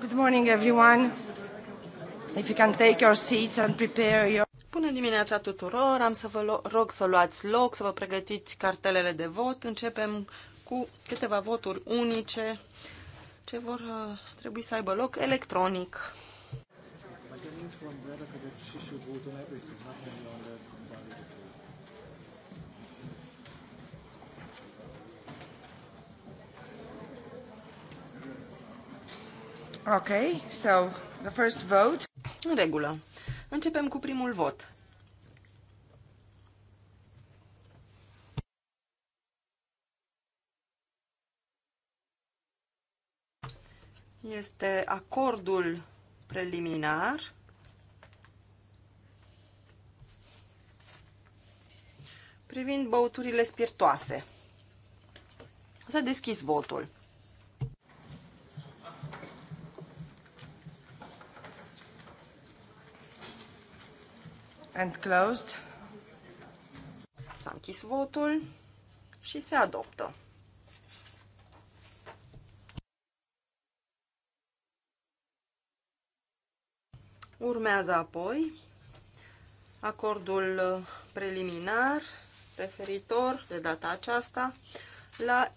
Good morning, everyone. If you can take your seats and prepare your... Bună dimineața tuturor! Am să vă rog să luați loc, să vă pregătiți cartelele de vot. Începem cu câteva voturi unice ce vor uh, trebui să aibă loc electronic. Ok, so the first vote. În regulă. Începem cu primul vot. Este acordul preliminar privind băuturile spiritoase. S-a deschis votul. And closed. S-a închis votul și se adoptă. Urmează apoi acordul preliminar referitor de data aceasta la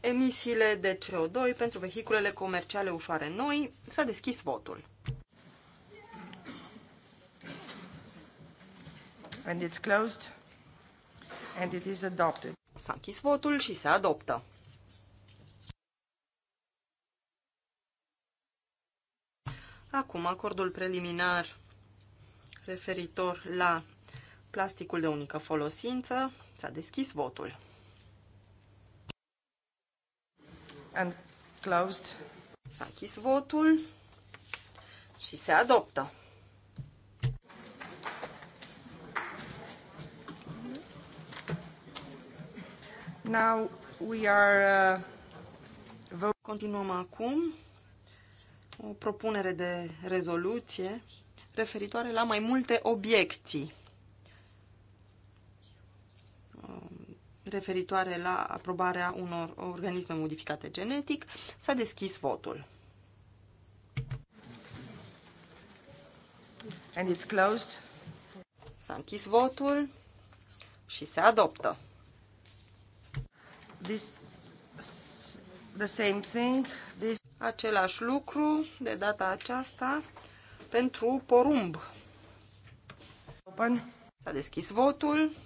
emisiile de CO2 pentru vehiculele comerciale ușoare noi. S-a deschis votul. And it's closed. And it is adopted. S-a închis votul și se adoptă. Acum, acordul preliminar referitor la plasticul de unică folosință. S-a deschis votul. And closed. S-a închis votul și se adoptă. Now we are, uh, Continuăm acum o propunere de rezoluție referitoare la mai multe obiecții um, referitoare la aprobarea unor organisme modificate genetic, s-a deschis votul. And it's closed. S-a închis votul și se adoptă. This, the same thing, this... Același lucru de data aceasta pentru porumb. S-a deschis votul.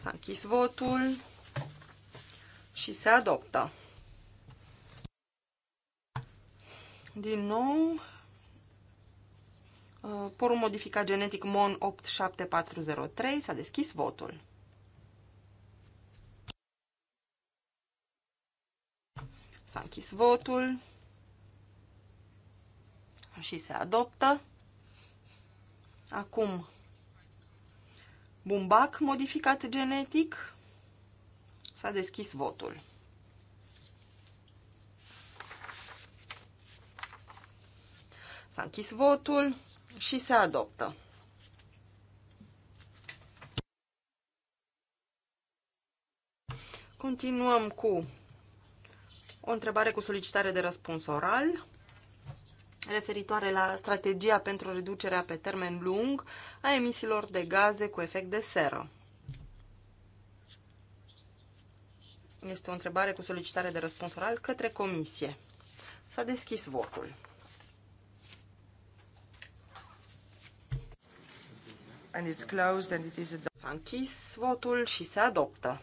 S-a închis votul și se adoptă. Din nou, Uh, porul modificat genetic MON 87403 s-a deschis votul. S-a închis votul și se adoptă. Acum, bumbac modificat genetic, s-a deschis votul. S-a închis votul și se adoptă. Continuăm cu o întrebare cu solicitare de răspuns oral referitoare la strategia pentru reducerea pe termen lung a emisiilor de gaze cu efect de seră. Este o întrebare cu solicitare de răspuns oral către comisie. S-a deschis votul. and it's closed and it is S-a închis votul și se adoptă.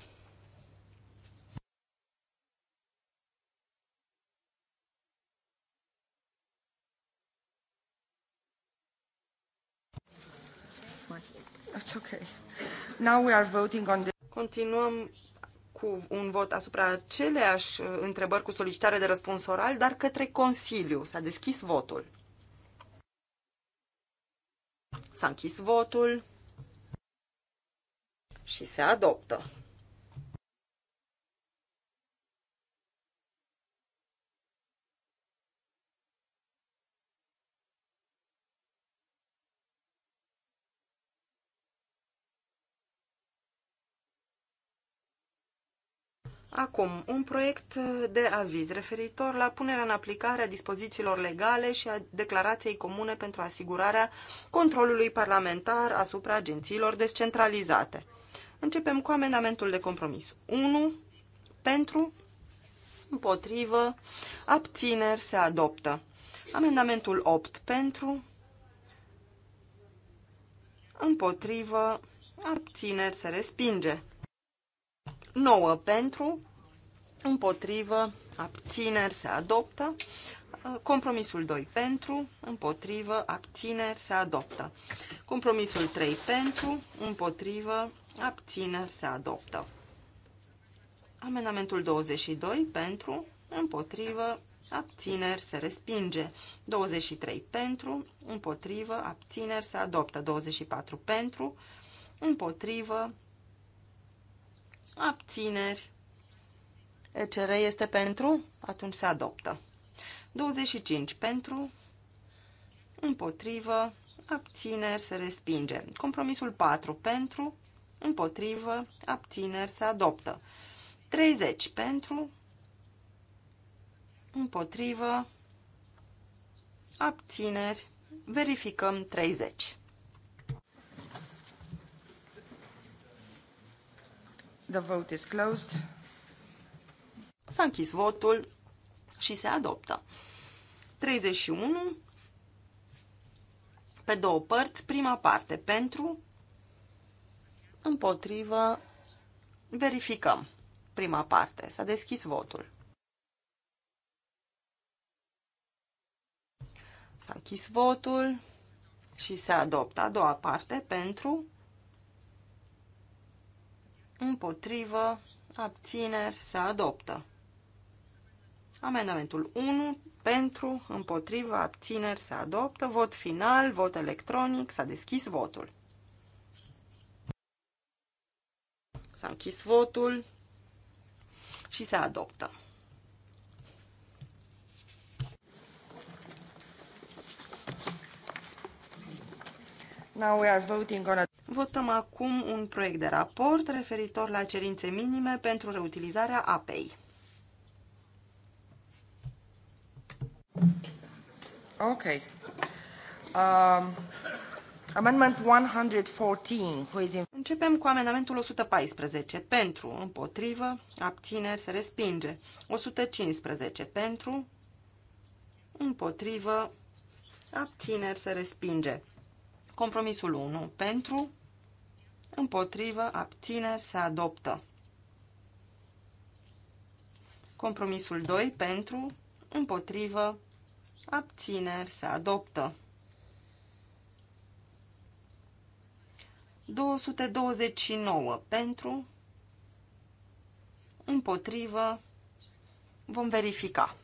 It's okay. Now we are voting on the... Continuăm cu un vot asupra aceleași uh, întrebări cu solicitare de răspuns oral, dar către Consiliu. S-a deschis votul. S-a închis votul și se adoptă. Acum, un proiect uh, de aviz referitor la punerea în aplicare a dispozițiilor legale și a declarației comune pentru asigurarea controlului parlamentar asupra agențiilor descentralizate. Începem cu amendamentul de compromis. 1. Pentru, împotrivă, abțineri se adoptă. Amendamentul 8. Pentru, împotrivă, abțineri se respinge. 9 pentru, împotrivă, abțineri se adoptă. Compromisul 2 pentru, împotrivă, abțineri se adoptă. Compromisul 3 pentru, împotrivă, abțineri se adoptă. Amendamentul 22 pentru, împotrivă, abțineri se respinge. 23 pentru, împotrivă, abțineri se adoptă. 24 pentru, împotrivă, abțineri ECR este pentru, atunci se adoptă. 25 pentru, împotrivă, abțineri, se respinge. Compromisul 4 pentru, împotrivă, abțineri, se adoptă. 30 pentru, împotrivă, abțineri, verificăm 30. The vote is closed. S-a închis votul și se adoptă. 31 pe două părți, prima parte pentru, împotrivă, verificăm prima parte. S-a deschis votul. S-a închis votul și se adoptă a doua parte pentru, împotrivă, abțineri, se adoptă. Amendamentul 1 pentru, împotrivă, abțineri se adoptă. Vot final, vot electronic, s-a deschis votul. S-a închis votul și se adoptă. Now we are voting on a... Votăm acum un proiect de raport referitor la cerințe minime pentru reutilizarea apei. Okay. Um, amendment 114, who is in... Începem cu amendamentul 114. Pentru, împotrivă, abțineri, se respinge. 115. Pentru, împotrivă, abțineri, se respinge. Compromisul 1. Pentru, împotrivă, abțineri, se adoptă. Compromisul 2. Pentru, împotrivă, abțineri, se adoptă. 229 pentru, împotrivă, vom verifica.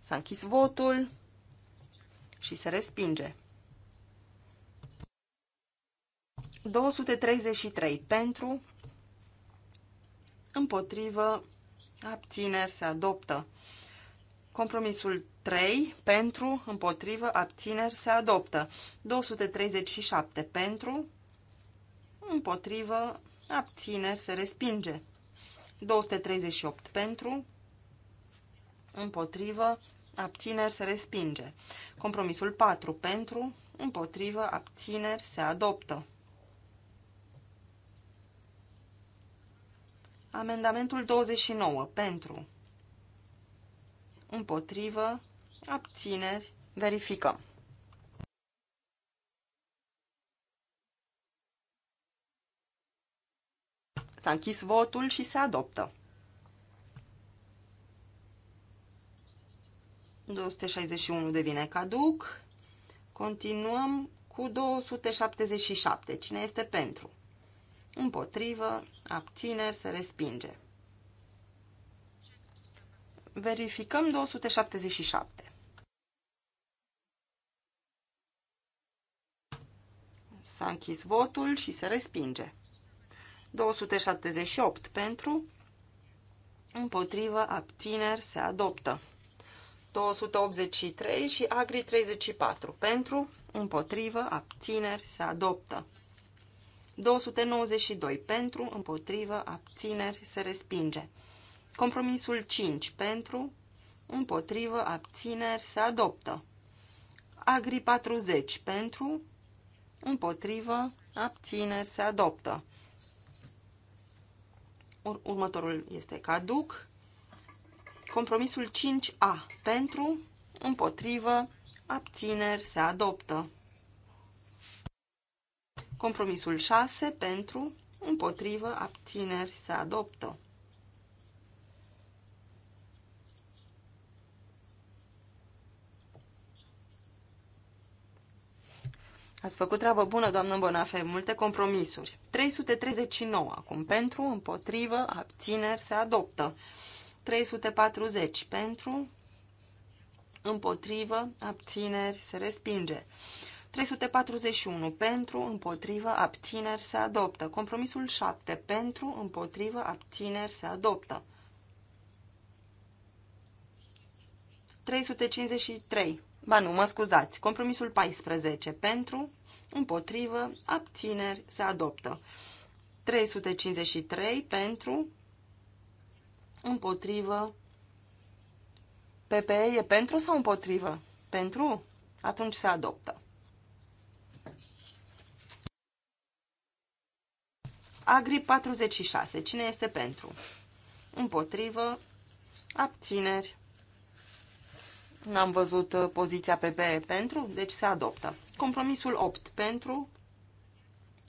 S-a închis votul și se respinge. 233 pentru, împotrivă, abțineri se adoptă. Compromisul 3, pentru, împotrivă, abțineri se adoptă. 237, pentru, împotrivă, abțineri se respinge. 238, pentru, împotrivă, abțineri se respinge. Compromisul 4, pentru, împotrivă, abțineri se adoptă. Amendamentul 29. Pentru. Împotrivă. Abțineri. Verificăm. S-a închis votul și se adoptă. 261 devine caduc. Continuăm cu 277. Cine este pentru? împotrivă, abțineri, se respinge. Verificăm 277. S-a închis votul și se respinge. 278 pentru, împotrivă, abțineri, se adoptă. 283 și Agri 34 pentru, împotrivă, abțineri, se adoptă. 292 pentru, împotrivă, abțineri, se respinge. Compromisul 5 pentru, împotrivă, abțineri, se adoptă. Agri 40 pentru, împotrivă, abțineri, se adoptă. Următorul este caduc. Compromisul 5A pentru, împotrivă, abțineri, se adoptă. Compromisul 6 pentru, împotrivă, abțineri se adoptă. Ați făcut treabă bună, doamnă Bonafe, multe compromisuri. 339 acum pentru, împotrivă, abțineri se adoptă. 340 pentru, împotrivă, abțineri se respinge. 341 pentru, împotrivă, abțineri se adoptă. Compromisul 7 pentru, împotrivă, abțineri se adoptă. 353. Ba nu, mă scuzați. Compromisul 14 pentru, împotrivă, abțineri se adoptă. 353 pentru, împotrivă. PPE e pentru sau împotrivă? Pentru? Atunci se adoptă. Agri 46. Cine este pentru? Împotrivă. Abțineri. N-am văzut uh, poziția PP pentru, deci se adoptă. Compromisul 8 pentru,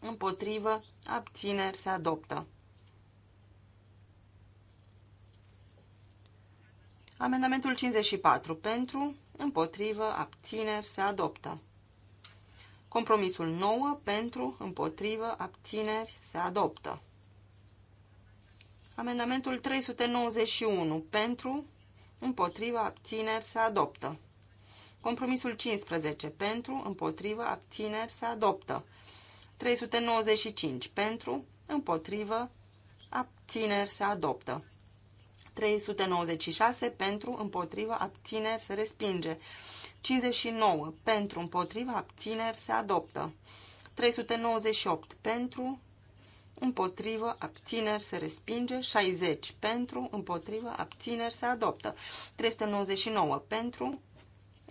împotrivă, abțineri, se adoptă. Amendamentul 54 pentru, împotrivă, abțineri, se adoptă. Compromisul 9 pentru, împotrivă, abțineri se adoptă. Amendamentul 391 pentru, împotrivă, abțineri se adoptă. Compromisul 15 pentru, împotrivă, abțineri se adoptă. 395 pentru, împotrivă, abțineri se adoptă. 396 pentru, împotrivă, abțineri se respinge. 59 pentru, împotriva, abțineri se adoptă. 398 pentru, împotrivă, abțineri se respinge. 60 pentru, împotrivă, abțineri se adoptă. 399 pentru,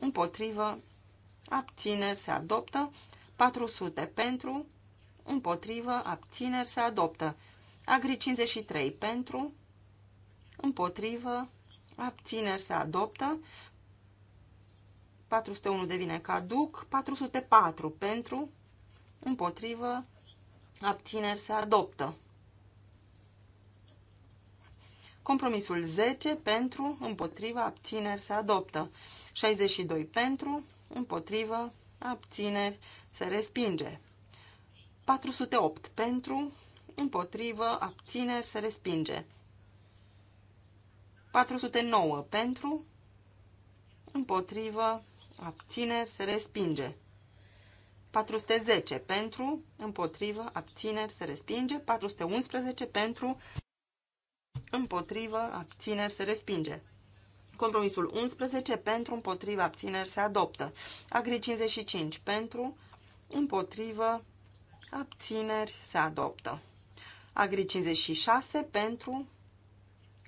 împotrivă, abțineri se adoptă. 400 pentru, împotrivă, abțineri se adoptă. Agri 53 pentru, împotrivă, abțineri se adoptă. 401 devine caduc, 404 pentru, împotrivă, abțineri se adoptă. Compromisul 10 pentru, împotrivă, abțineri se adoptă. 62 pentru, împotrivă, abțineri se respinge. 408 pentru, împotrivă, abțineri se respinge. 409 pentru, împotrivă, abțineri, se respinge. 410 pentru, împotrivă, abțineri, se respinge. 411 pentru, împotrivă, abțineri, se respinge. Compromisul 11 pentru, împotrivă, abțineri, se adoptă. Agri 55 pentru, împotrivă, abțineri, se adoptă. Agri 56 pentru,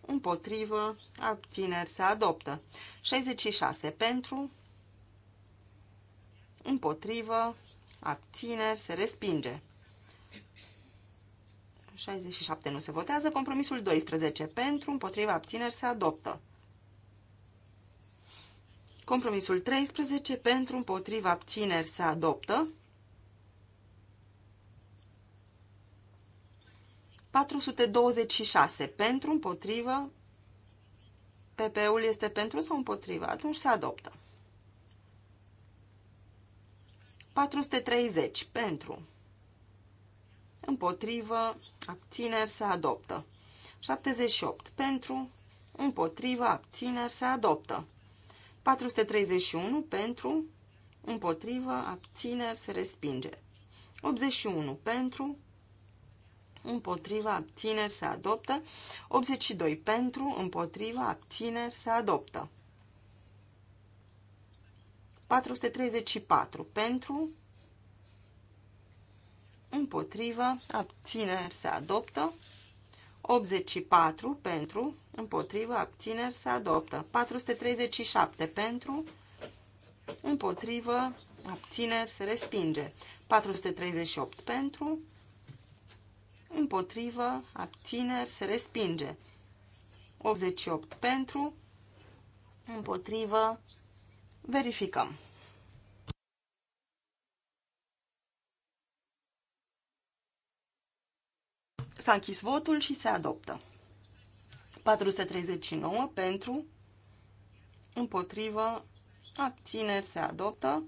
împotrivă, abțineri, se adoptă. 66 pentru, împotrivă, abțineri, se respinge. 67 nu se votează. Compromisul 12 pentru, împotrivă, abțineri, se adoptă. Compromisul 13 pentru, împotrivă, abțineri, se adoptă. 426 pentru, împotrivă, PP-ul este pentru sau împotrivă, atunci se adoptă. 430 pentru, împotrivă, abțineri se adoptă. 78 pentru, împotrivă, abțineri se adoptă. 431 pentru, împotrivă, abțineri se respinge. 81 pentru, împotriva, abțineri se adoptă, 82 pentru, împotriva, abțineri se adoptă. 434 pentru, împotrivă, abțineri se adoptă, 84 pentru, împotrivă, abțineri se adoptă, 437 pentru, împotrivă, abțineri se respinge, 438 pentru, împotrivă, abțineri se respinge, 88 pentru, împotrivă, Verificăm. S-a închis votul și se adoptă. 439 pentru, împotrivă, abțineri se adoptă.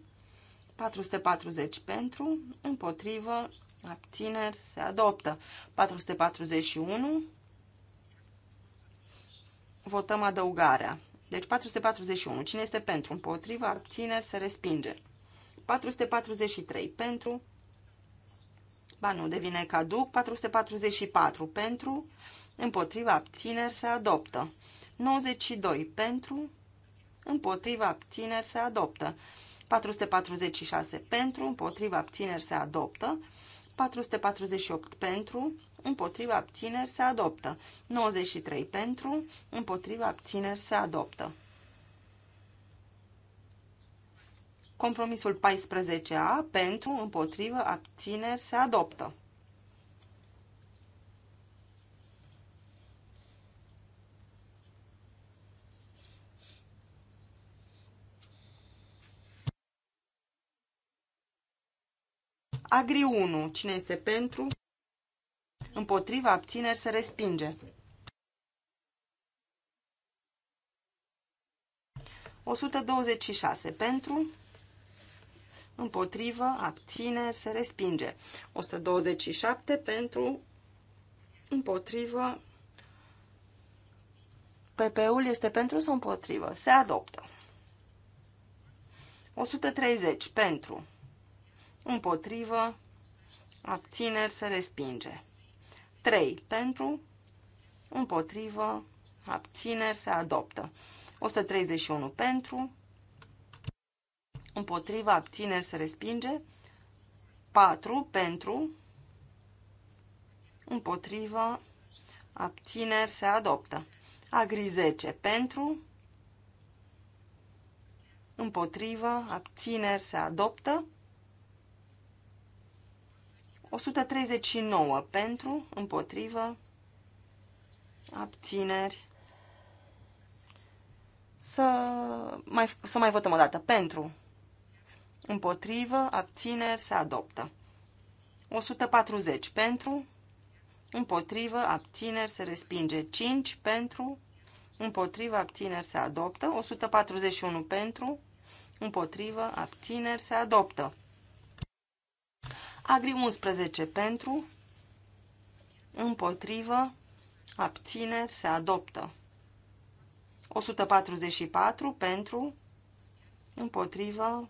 440 pentru, împotrivă, abțineri se adoptă. 441 votăm adăugarea. Deci 441. Cine este pentru? Împotrivă, abțineri, se respinge. 443. Pentru. Ba nu, devine caduc. 444. Pentru. Împotrivă, abțineri, se adoptă. 92. Pentru. Împotrivă, abțineri, se adoptă. 446. Pentru. Împotrivă, abțineri, se adoptă. 448 pentru, împotriva abțineri se adoptă. 93 pentru, împotriva abțineri se adoptă. Compromisul 14A pentru, împotriva abțineri se adoptă. Agri 1. Cine este pentru? Împotriva abțineri se respinge. 126 pentru, împotrivă, abțineri, se respinge. 127 pentru, împotrivă, PP-ul este pentru sau împotrivă? Se adoptă. 130 pentru, împotrivă, abțineri, se respinge. 3. Pentru, împotrivă, abțineri, se adoptă. 131 pentru, împotrivă, abțineri, se respinge. 4 pentru, împotrivă, abțineri, se adoptă. Agri 10 pentru, împotrivă, abțineri, se adoptă. 139 pentru, împotrivă, abțineri. Să mai, să mai votăm o dată. Pentru, împotrivă, abțineri, se adoptă. 140 pentru, împotrivă, abțineri, se respinge. 5 pentru, împotrivă, abțineri, se adoptă. 141 pentru, împotrivă, abțineri, se adoptă. Agri 11 pentru, împotrivă, abțineri, se adoptă. 144 pentru, împotrivă,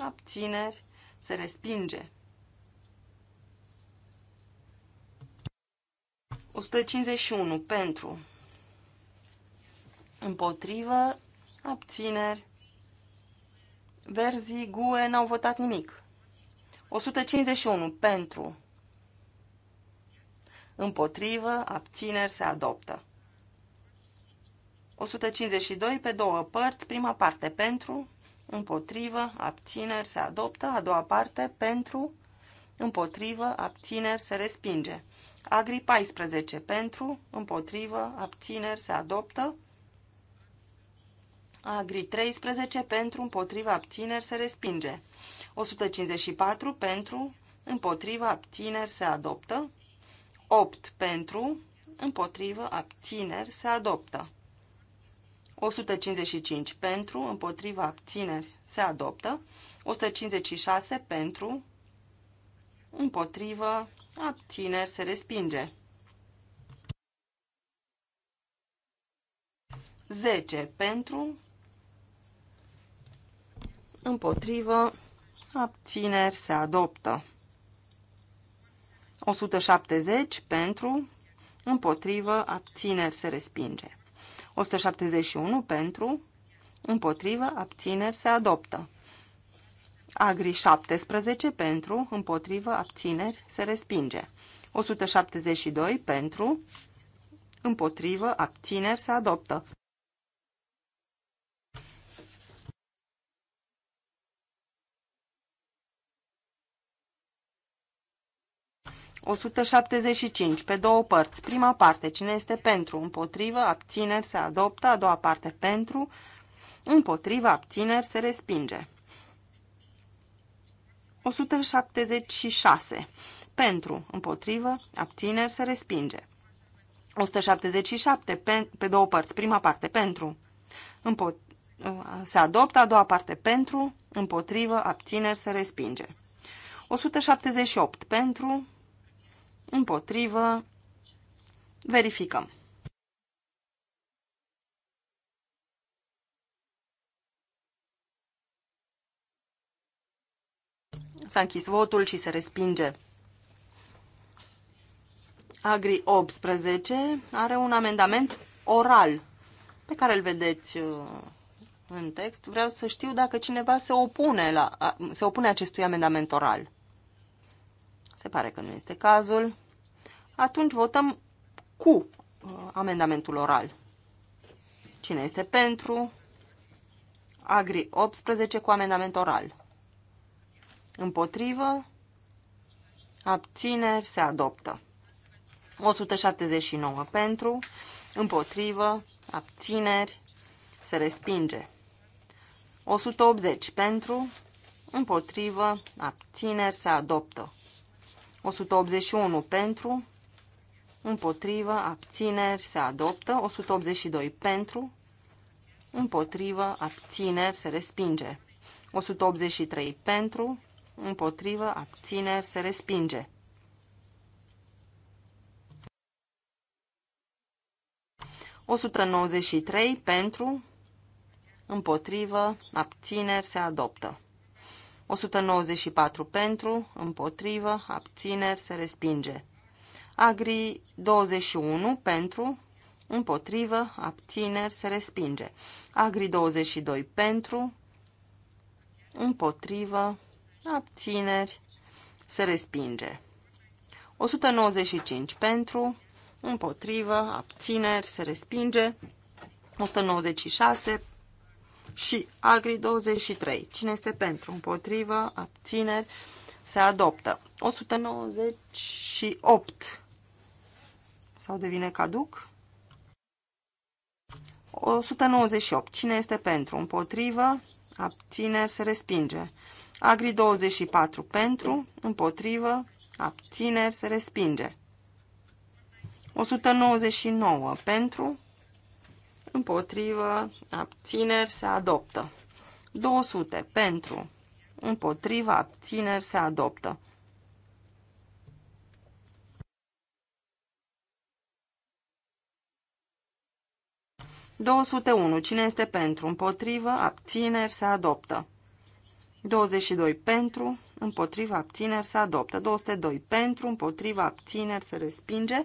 abțineri, se respinge. 151 pentru, împotrivă, abțineri, verzii, GUE n-au votat nimic. 151 pentru, împotrivă, abțineri, se adoptă. 152 pe două părți, prima parte pentru, împotrivă, abțineri, se adoptă, a doua parte pentru, împotrivă, abțineri, se respinge. Agri 14 pentru, împotrivă, abțineri, se adoptă. Agri 13 pentru, împotrivă, abțineri, se respinge. 154 pentru, împotrivă, abțineri se adoptă. 8 pentru, împotrivă, abțineri se adoptă. 155 pentru, împotriva abțineri se adoptă. 156 pentru, împotrivă, abțineri se respinge. 10 pentru, împotrivă, abțineri se adoptă. 170 pentru, împotrivă, abțineri se respinge. 171 pentru, împotrivă, abțineri se adoptă. Agri 17 pentru, împotrivă, abțineri se respinge. 172 pentru, împotrivă, abțineri se adoptă. 175, pe două părți. Prima parte, cine este pentru, împotrivă, abțineri, se adoptă. A doua parte, pentru, împotrivă, abțineri, se respinge. 176, pentru, împotrivă, abțineri, se respinge. 177, pe, pe două părți. Prima parte, pentru, împotrivă, se adoptă. A doua parte, pentru, împotrivă, abțineri, se respinge. 178, pentru, împotrivă, verificăm. S-a închis votul și se respinge. Agri 18 are un amendament oral pe care îl vedeți uh, în text. Vreau să știu dacă cineva se opune, la, se opune acestui amendament oral. Se pare că nu este cazul. Atunci votăm cu uh, amendamentul oral. Cine este pentru? Agri 18 cu amendament oral. Împotrivă? Abțineri se adoptă. 179 pentru, împotrivă, abțineri, se respinge. 180 pentru, împotrivă, abțineri, se adoptă. 181 pentru, împotrivă, abțineri, se adoptă. 182 pentru, împotrivă, abțineri, se respinge. 183 pentru, împotrivă, abțineri, se respinge. O 193 pentru, împotrivă, abțineri, se adoptă. 194 pentru, împotrivă, abțineri, se respinge. Agri 21 pentru, împotrivă, abțineri, se respinge. Agri 22 pentru, împotrivă, abțineri, se respinge. 195 pentru, împotrivă, abțineri, se respinge. 196 și Agri 23. Cine este pentru? Împotrivă? Abțineri? Se adoptă. 198 sau devine caduc? 198. Cine este pentru? Împotrivă? Abțineri? Se respinge. Agri 24 pentru, împotrivă, abțineri, se respinge. 199 pentru, împotrivă, abțineri, se adoptă. 200 pentru, împotrivă, abțineri, se adoptă. unu Cine este pentru? Împotrivă, abțineri, se adoptă. 22 pentru, împotriva abțineri se adoptă, 202 pentru, împotriva abțineri se respinge,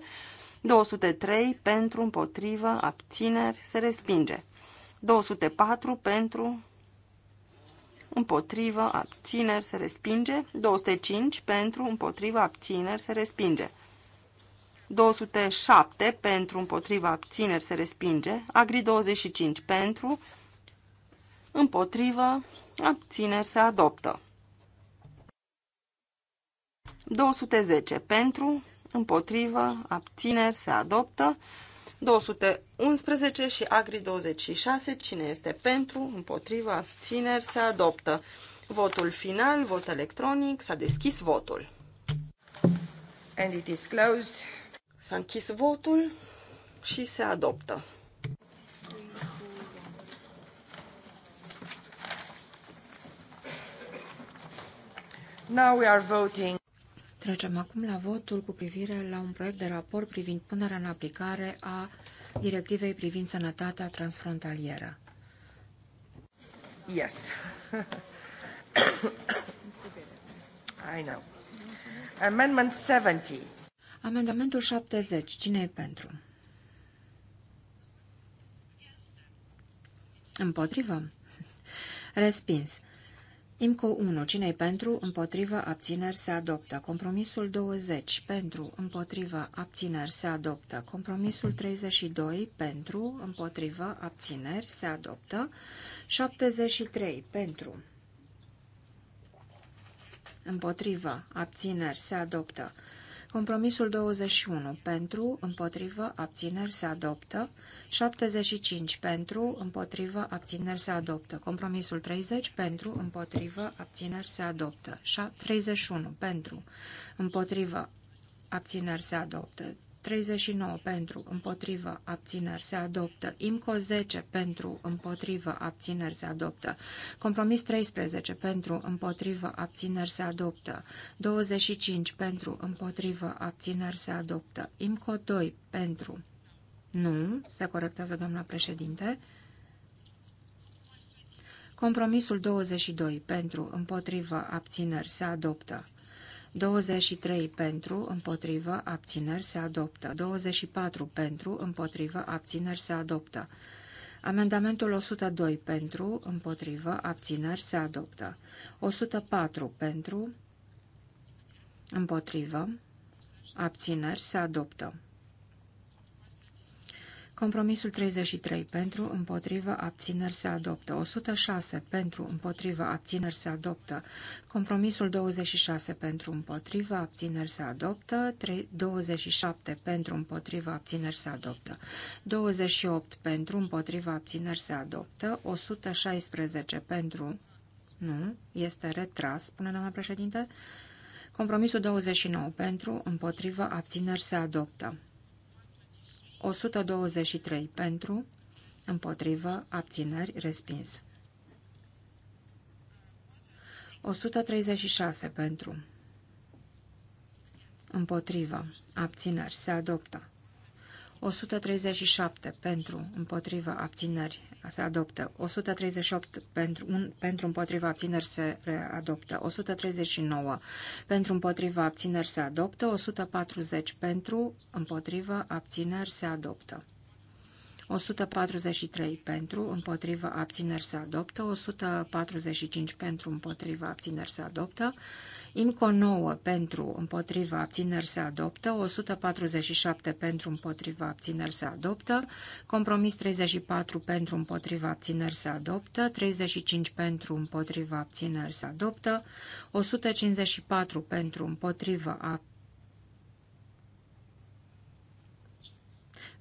203 pentru, împotrivă, abțineri, se respinge. 204 pentru, împotrivă, abțineri, se respinge. 205 pentru, împotrivă, abțineri, se respinge. 207 pentru, împotrivă, abțineri, se respinge. Agri 25 pentru, împotrivă, abțineri, se adoptă. 210 pentru, împotrivă, abțineri, se adoptă. 211 și Agri 26, cine este pentru, împotrivă, abțineri, se adoptă. Votul final, vot electronic, s-a deschis votul. And it is closed. S-a închis votul și se adoptă. Now we are voting. Trecem acum la votul cu privire la un proiect de raport privind punerea în aplicare a directivei privind sănătatea transfrontalieră. Yes. I know. Amendment 70. Amendamentul 70. Cine e pentru? Împotrivă? Respins. IMCO 1. cine pentru? Împotrivă. Abțineri. Se adoptă. Compromisul 20. Pentru. Împotrivă. Abțineri. Se adoptă. Compromisul 32. Pentru. Împotrivă. Abțineri. Se adoptă. 73. Pentru. Împotrivă. Abțineri. Se adoptă. Compromisul 21. Pentru, împotrivă, abțineri se adoptă. 75. Pentru, împotrivă, abțineri se adoptă. Compromisul 30. Pentru, împotrivă, abțineri se adoptă. 31. Pentru, împotrivă, abțineri se adoptă. 39 pentru, împotrivă, abțineri se adoptă. IMCO 10 pentru, împotrivă, abțineri se adoptă. Compromis 13 pentru, împotrivă, abțineri se adoptă. 25 pentru, împotrivă, abțineri se adoptă. IMCO 2 pentru, nu, se corectează doamna președinte. Compromisul 22 pentru, împotrivă, abțineri se adoptă. 23 pentru, împotrivă, abțineri se adoptă. 24 pentru, împotrivă, abțineri se adoptă. Amendamentul 102 pentru, împotrivă, abțineri se adoptă. 104 pentru, împotrivă, abțineri se adoptă. Compromisul 33 pentru, împotrivă, abțineri se adoptă. 106 pentru, împotrivă, abțineri se adoptă. Compromisul 26 pentru, împotrivă, abțineri se adoptă. 27 pentru, împotrivă, abțineri se adoptă. 28 pentru, împotrivă, abțineri se adoptă. 116 pentru, nu, este retras, spune doamna președinte. Compromisul 29 pentru, împotrivă, abțineri se adoptă. 123 pentru, împotrivă, abțineri, respins. 136 pentru, împotrivă, abțineri, se adoptă. 137 pentru împotriva abțineri se adoptă, 138 pentru, un, pentru împotriva abțineri se adoptă, 139 pentru împotriva abțineri se adoptă, 140 pentru împotriva abțineri se adoptă. 143 pentru, împotrivă, abțineri se adoptă, 145 pentru, împotrivă, abțineri se adoptă, IMCO 9 pentru, împotrivă, abțineri se adoptă, 147 pentru, împotrivă, abțineri se adoptă, compromis 34 pentru, împotrivă, abțineri se adoptă, 35 pentru, împotrivă, abțineri se adoptă, 154 pentru, împotrivă, abțineri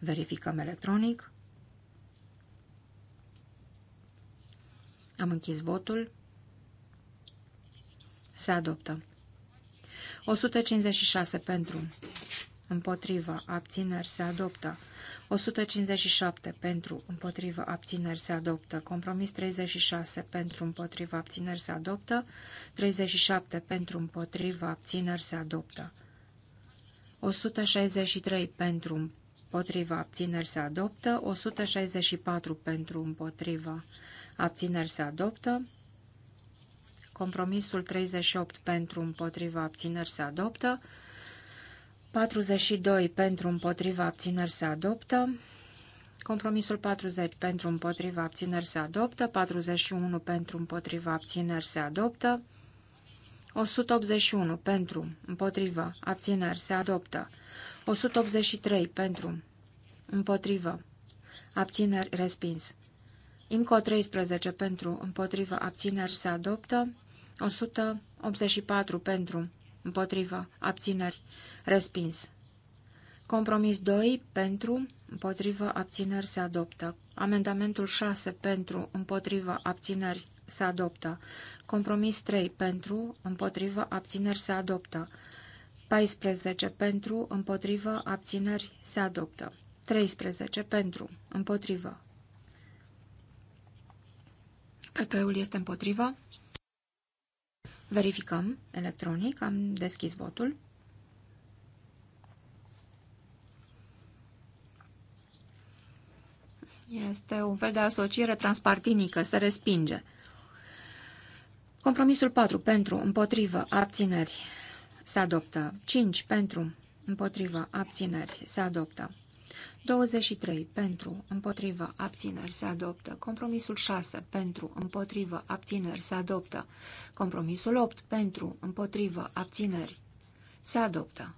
Verificăm electronic. Am închis votul. Se adoptă. 156 pentru. Împotrivă. Abțineri. Se adoptă. 157 pentru. Împotrivă. Abțineri. Se adoptă. Compromis 36 pentru. Împotrivă. Abțineri. Se adoptă. 37 pentru. Împotrivă. Abțineri. Se adoptă. 163 pentru. Împotriva abțineri se adoptă, 164 pentru împotriva abțineri se adoptă. Compromisul 38 pentru împotriva abțineri se adoptă. 42 pentru împotriva abțineri se adoptă. Compromisul 40 pentru împotriva abțineri se adoptă. 41 pentru împotriva abțineri se adoptă. 181 pentru împotriva abțineri se adoptă. 183 pentru împotriva abțineri respins. IMCO 13 pentru, împotrivă, abțineri se adoptă. 184 pentru, împotrivă, abțineri, respins. Compromis 2 pentru, împotrivă, abțineri se adoptă. Amendamentul 6 pentru, împotrivă, abțineri se adoptă. Compromis 3 pentru, împotrivă, abțineri se adoptă. 14 pentru, împotrivă, abțineri se adoptă. 13 pentru, împotrivă, PP-ul este împotrivă. Verificăm electronic. Am deschis votul. Este un fel de asociere transpartinică, se respinge. Compromisul 4. Pentru, împotrivă, abțineri, se adoptă. 5. Pentru, împotrivă, abțineri, se adoptă. 23. Pentru, împotrivă, abțineri se adoptă. Compromisul 6. Pentru, împotrivă, abțineri se adoptă. Compromisul 8. Pentru, împotrivă, abțineri se adoptă.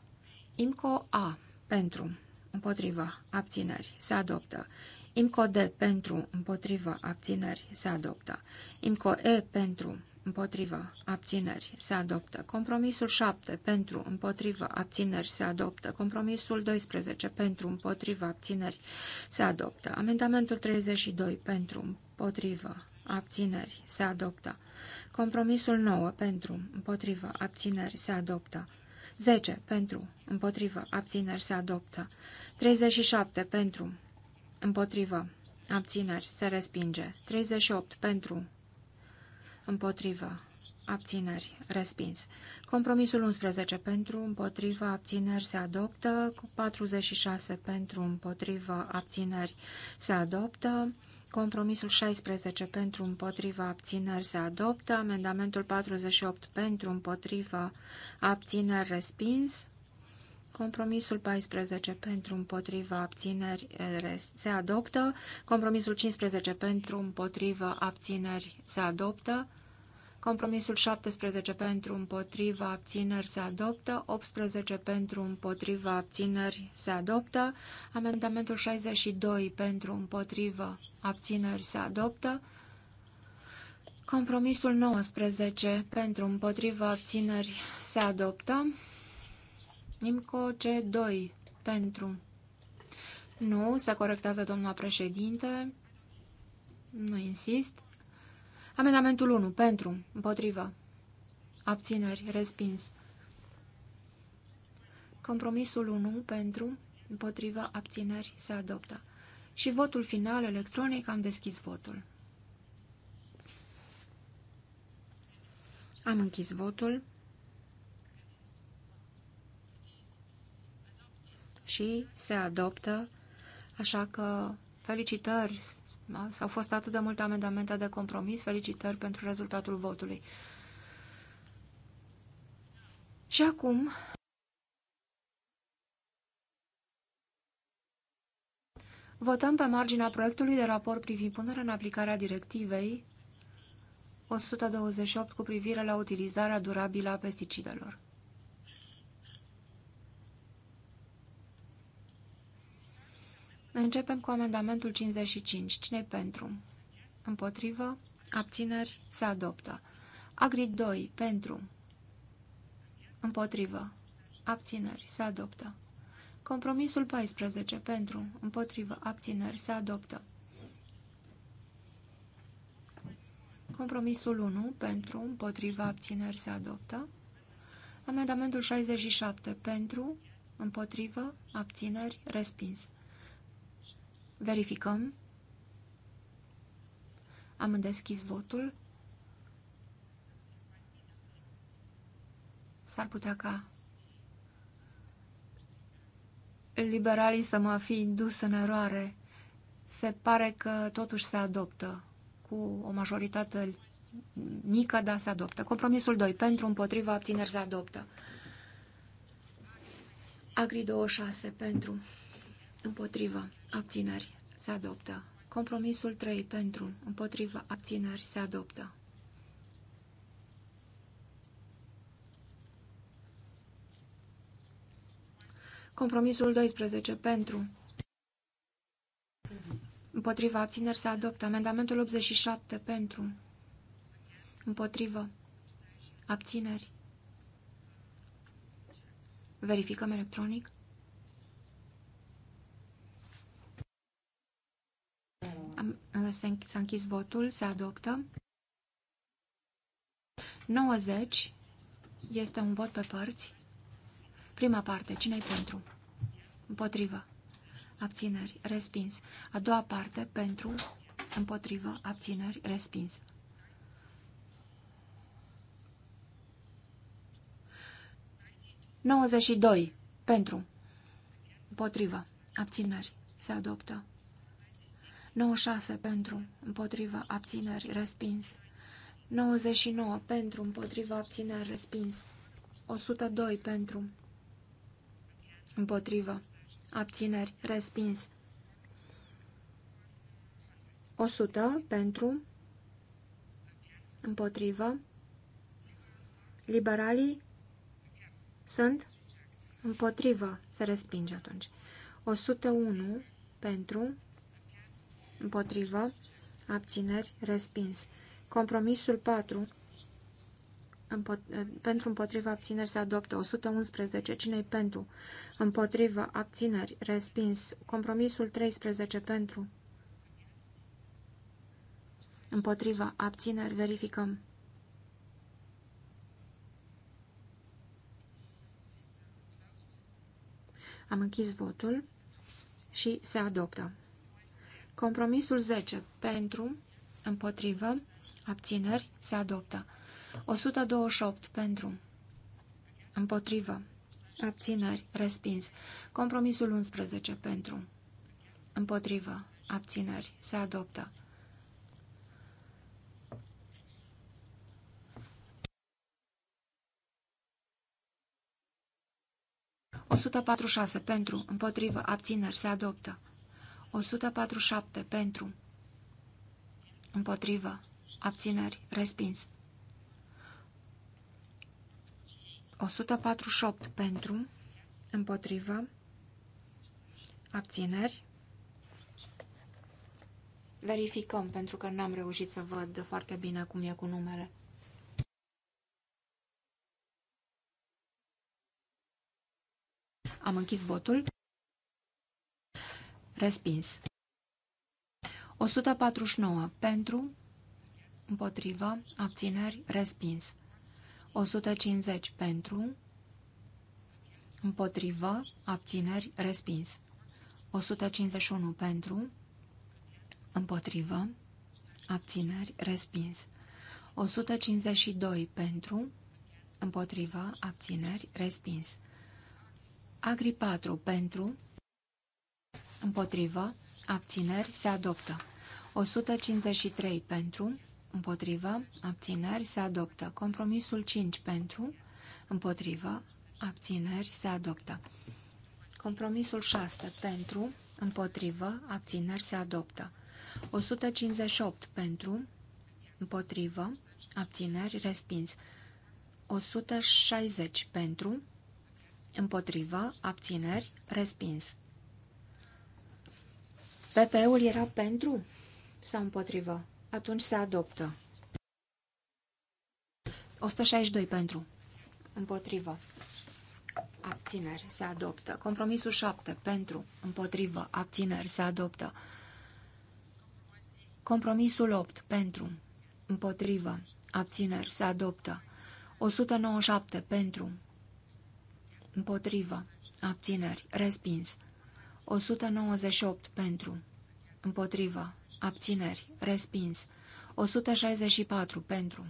IMCO A. Pentru, împotrivă, abțineri se adoptă. IMCO D. Pentru, împotrivă, abțineri se adoptă. IMCO E. Pentru, împotrivă, abțineri, se adoptă. Compromisul 7, pentru, împotrivă, abțineri, se adoptă. Compromisul 12, pentru, împotrivă, abțineri, se adoptă. Amendamentul 32, pentru, împotrivă, abțineri, se adoptă. Compromisul 9, pentru, împotrivă, abțineri, se adoptă. 10, pentru, împotrivă, abțineri, se adoptă. 37, pentru, împotrivă, abțineri, se respinge. 38, pentru, împotrivă, abțineri, respins. Compromisul 11 pentru, împotrivă, abțineri, se adoptă. 46 pentru, împotrivă, abțineri, se adoptă. Compromisul 16 pentru, împotrivă, abțineri, se adoptă. Amendamentul 48 pentru, împotrivă, abțineri, respins. Compromisul 14 eh, pentru împotriva abțineri se adoptă. Compromisul 15 pentru împotriva abțineri se adoptă. Compromisul 17 pentru împotriva abțineri se adoptă, 18 pentru împotriva abțineri se adoptă, amendamentul 62 pentru împotriva abțineri se adoptă, compromisul 19 pentru împotriva abțineri se adoptă, Nimco C2 pentru. Nu, se corectează domnul președinte. Nu insist. Amendamentul 1 pentru. Împotrivă. Abțineri. Respins. Compromisul 1 pentru. Împotrivă. Abțineri. Se adoptă. Și votul final electronic. Am deschis votul. Am închis votul. și se adoptă, așa că felicitări, s-au fost atât de multe amendamente de compromis, felicitări pentru rezultatul votului. Și acum... Votăm pe marginea proiectului de raport privind punerea în aplicare a directivei 128 cu privire la utilizarea durabilă a pesticidelor. Începem cu amendamentul 55. cine pentru? Împotrivă? Abțineri? Se adoptă. Agri 2. Pentru? Împotrivă. Abțineri. Se adoptă. Compromisul 14. Pentru. Împotrivă. Abțineri. Se adoptă. Compromisul 1. Pentru. Împotrivă. Abțineri. Se adoptă. Amendamentul 67. Pentru. Împotrivă. Abțineri. Respins. Verificăm. Am deschis votul. S-ar putea ca liberalii să mă fi indus în eroare. Se pare că totuși se adoptă cu o majoritate mică, dar se adoptă. Compromisul 2. Pentru, împotriva, abțineri se adoptă. Agri 26. Pentru. Împotrivă. Abțineri. Se adoptă. Compromisul 3. Pentru. Împotrivă. Abțineri. Se adoptă. Compromisul 12. Pentru. Împotriva abțineri se adoptă. Amendamentul 87. Pentru. Împotrivă. Abțineri. Verificăm electronic. Uh, s-a închis votul, se adoptă. 90 este un vot pe părți. Prima parte, cine-i pentru? Împotrivă. Abțineri, respins. A doua parte, pentru, împotrivă, abțineri, respins. Nouăzeci și doi. Pentru. Împotrivă. Abțineri. Se adoptă. 96 pentru, împotrivă, abțineri, respins. 99 pentru, împotrivă, abțineri, respins. 102 pentru, împotrivă, abțineri, respins. 100 pentru, împotrivă, liberalii sunt împotrivă, se respinge atunci. 101 pentru, împotrivă, abțineri, respins. Compromisul 4, împot eh, pentru împotriva abțineri se adoptă 111, cine pentru? Împotrivă, abțineri, respins. Compromisul 13, pentru. Împotriva, abțineri, verificăm. Am închis votul și se adoptă. Compromisul 10. Pentru, împotrivă, abțineri, se adoptă. 128. Pentru, împotrivă, abțineri, respins. Compromisul 11. Pentru, împotrivă, abțineri, se adoptă. ...146 pentru, împotrivă, abțineri, se adoptă. 147. Pentru. Împotrivă. Abțineri. Respins. 148. Pentru. Împotrivă. Abțineri. Verificăm, pentru că n-am reușit să văd foarte bine cum e cu numere. Am închis votul. Respins. 149. Pentru, împotrivă, abțineri, respins. 150. Pentru, împotrivă, abțineri, respins. 151. Pentru, împotrivă, abțineri, respins. 152. Pentru, împotrivă, abțineri, respins. Agri 4. Pentru, împotrivă, abțineri, se adoptă. 153 pentru, împotrivă, abțineri, se adoptă. Compromisul 5 pentru, împotrivă, abțineri, se adoptă. Compromisul 6 pentru, împotrivă, abțineri, se adoptă. 158 pentru, împotrivă, abțineri, respins. 160 pentru, împotrivă, abțineri, respins. PP-ul era pentru sau împotrivă? Atunci se adoptă. 162 pentru. Împotrivă. Abțineri. Se adoptă. Compromisul 7. Pentru. Împotrivă. Abțineri. Se adoptă. Compromisul 8. Pentru. Împotrivă. Abțineri. Se adoptă. 197. Pentru. Împotrivă. Abțineri. Respins. 198 pentru. Împotrivă. Abțineri. Respins. 164 pentru.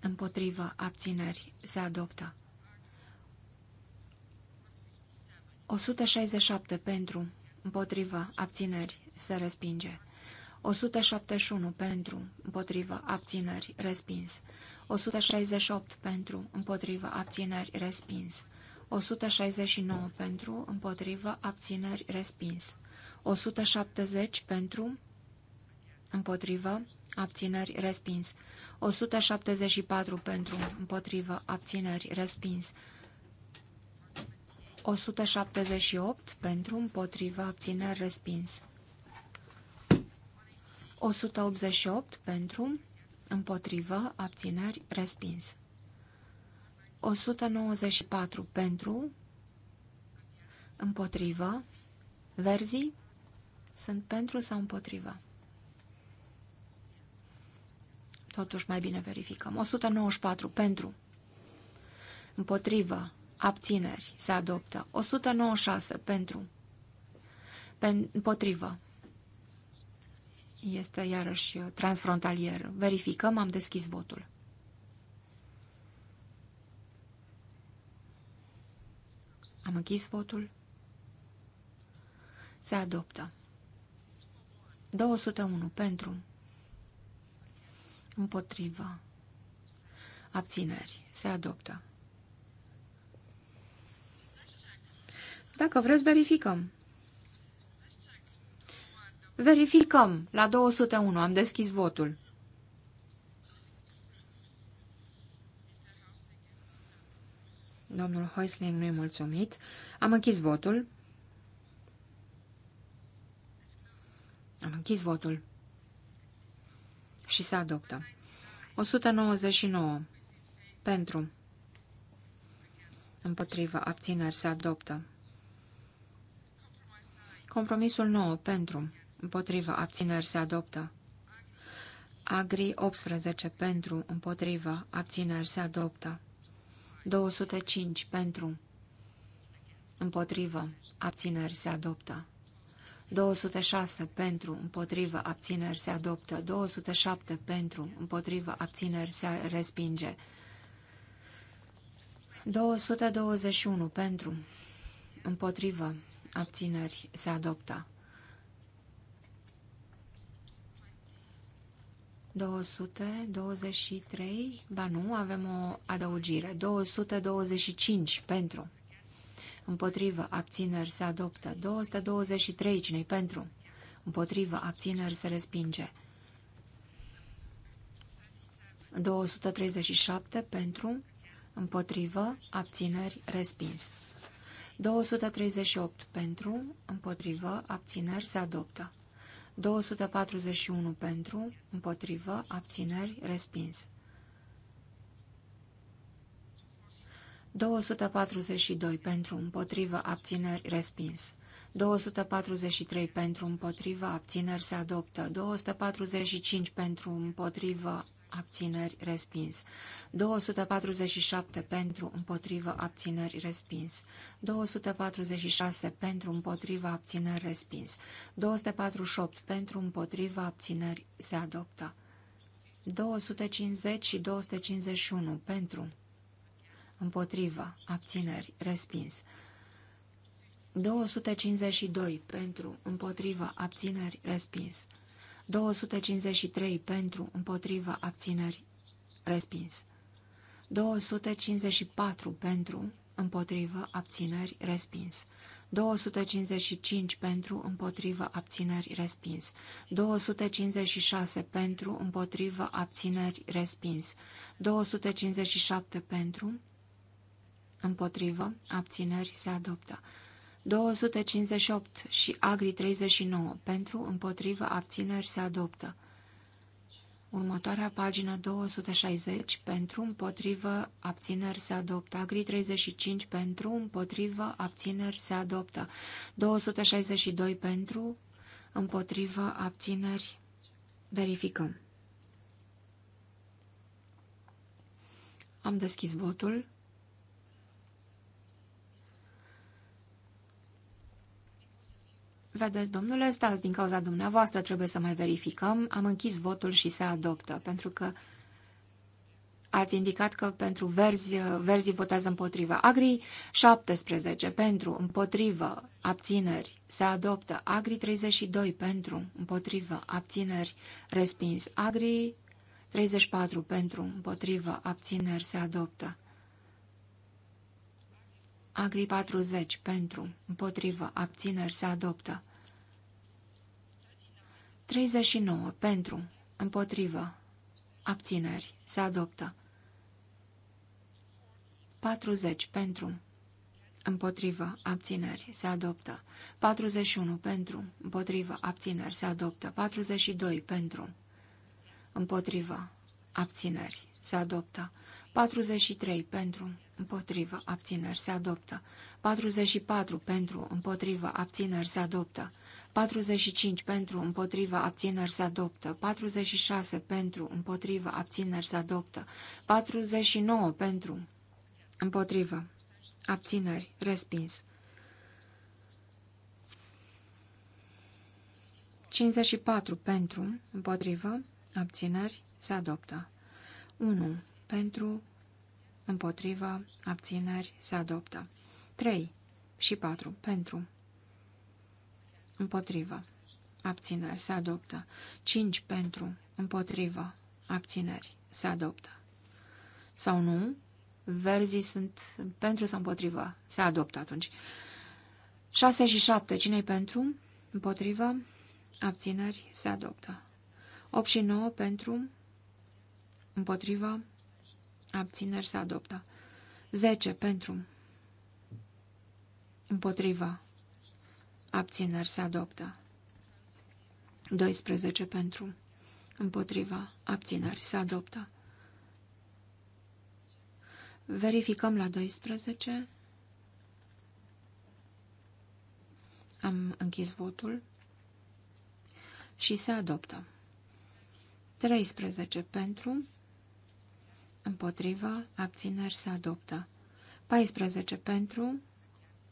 Împotrivă. Abțineri. Se adoptă. 167 pentru. Împotrivă. Abțineri. Se respinge. 171 pentru, împotrivă, abțineri, respins. 168 pentru, împotrivă, abțineri, respins. 169 pentru, împotrivă, abțineri, respins. 170 pentru, împotrivă, abțineri, respins. 174 pentru, împotrivă, abțineri, respins. 178 pentru, împotrivă, abțineri, respins. 188 pentru, împotrivă, abțineri, respins. 194 pentru, împotrivă, verzii sunt pentru sau împotrivă. Totuși mai bine verificăm. 194 pentru, împotrivă, abțineri, se adoptă. 196 pentru, pen, împotrivă. Este iarăși transfrontalier. Verificăm, am deschis votul. Am închis votul. Se adoptă. 201 pentru. Împotrivă. Abțineri. Se adoptă. Dacă vreți, verificăm. Verificăm. La 201 am deschis votul. Domnul Hoisling nu e mulțumit. Am închis votul. Am închis votul. Și se adoptă. 199. Pentru. Împotrivă. Abțineri. Se adoptă. Compromisul 9. Pentru. Împotrivă. Abțineri. Se adoptă. Agri 18. Pentru. Împotrivă. Abțineri. Se adoptă. 205 pentru. Împotrivă. Abțineri se adoptă. 206 pentru, împotrivă, abțineri se adoptă. 207 pentru, împotrivă, abțineri se respinge. 221 pentru, împotrivă, abțineri se adoptă. 223, ba nu, avem o adăugire. 225 pentru. Împotrivă, abțineri se adoptă. 223, cine pentru? Împotrivă, abțineri se respinge. 237 pentru, împotrivă, abțineri, respins. 238 pentru, împotrivă, abțineri, se adoptă. 241 pentru, împotrivă, abțineri, respins. 242 pentru, împotrivă, abțineri, respins. 243 pentru, împotrivă, abțineri, se adoptă. 245 pentru, împotrivă, abțineri, respins. 247 pentru, împotrivă, abțineri, respins. 246 pentru, împotrivă, abțineri, respins. 248 pentru, împotrivă, abțineri, se adoptă. 250 și 251 pentru, împotrivă, abțineri, respins. 252 pentru, împotrivă, abțineri, respins. 253 pentru, împotrivă, abțineri, respins. 254 pentru, împotrivă, abțineri, respins. 255 pentru, împotrivă, abțineri, respins. 256 pentru, împotrivă, abțineri, respins. 257 pentru, împotrivă, abțineri, se adoptă. 258 și Agri 39. Pentru, împotrivă, abțineri se adoptă. Următoarea pagină 260. Pentru, împotrivă, abțineri se adoptă. Agri 35. Pentru, împotrivă, abțineri se adoptă. 262. Pentru, împotrivă, abțineri. Verificăm. Am deschis votul. Vedeți, domnule, stați din cauza dumneavoastră, trebuie să mai verificăm. Am închis votul și se adoptă, pentru că ați indicat că pentru verzi, verzii votează împotriva. Agri 17 pentru, împotrivă, abțineri, se adoptă. Agri 32 pentru, împotrivă, abțineri, respins. Agri 34 pentru, împotrivă, abțineri, se adoptă. Agri 40 pentru, împotrivă, abțineri se adoptă. 39 pentru, împotrivă, abțineri se adoptă. 40 pentru, Împotrivă. Abțineri. Se adoptă. 41. Pentru. Împotrivă. Abțineri. Se adoptă. 42. Pentru. Împotrivă. Abțineri. Se adoptă. 43 pentru, împotrivă, abțineri se adoptă. 44 pentru, împotrivă, abțineri se adoptă. 45 pentru, împotrivă, abțineri se adoptă. 46 pentru, împotrivă, abțineri se adoptă. 49 pentru, împotrivă, abțineri, respins. 54 pentru, împotrivă, abțineri, se adoptă. 1 pentru, împotrivă, abțineri, se adoptă. 3 și 4 pentru, împotrivă, abțineri, se adoptă. 5 pentru, împotrivă, abțineri, se adoptă. Sau nu, verzii sunt pentru sau împotrivă, se adoptă atunci. 6 și 7, cine pentru? Împotrivă, abțineri, se adoptă. 8 și 9 pentru, împotrivă, Abțineri se adoptă. 10 pentru. Împotriva. Abțineri se adoptă. 12 pentru. Împotriva. Abțineri se adoptă. Verificăm la 12. Am închis votul. Și se adoptă. 13 pentru împotrivă, abțineri se adoptă. 14 pentru,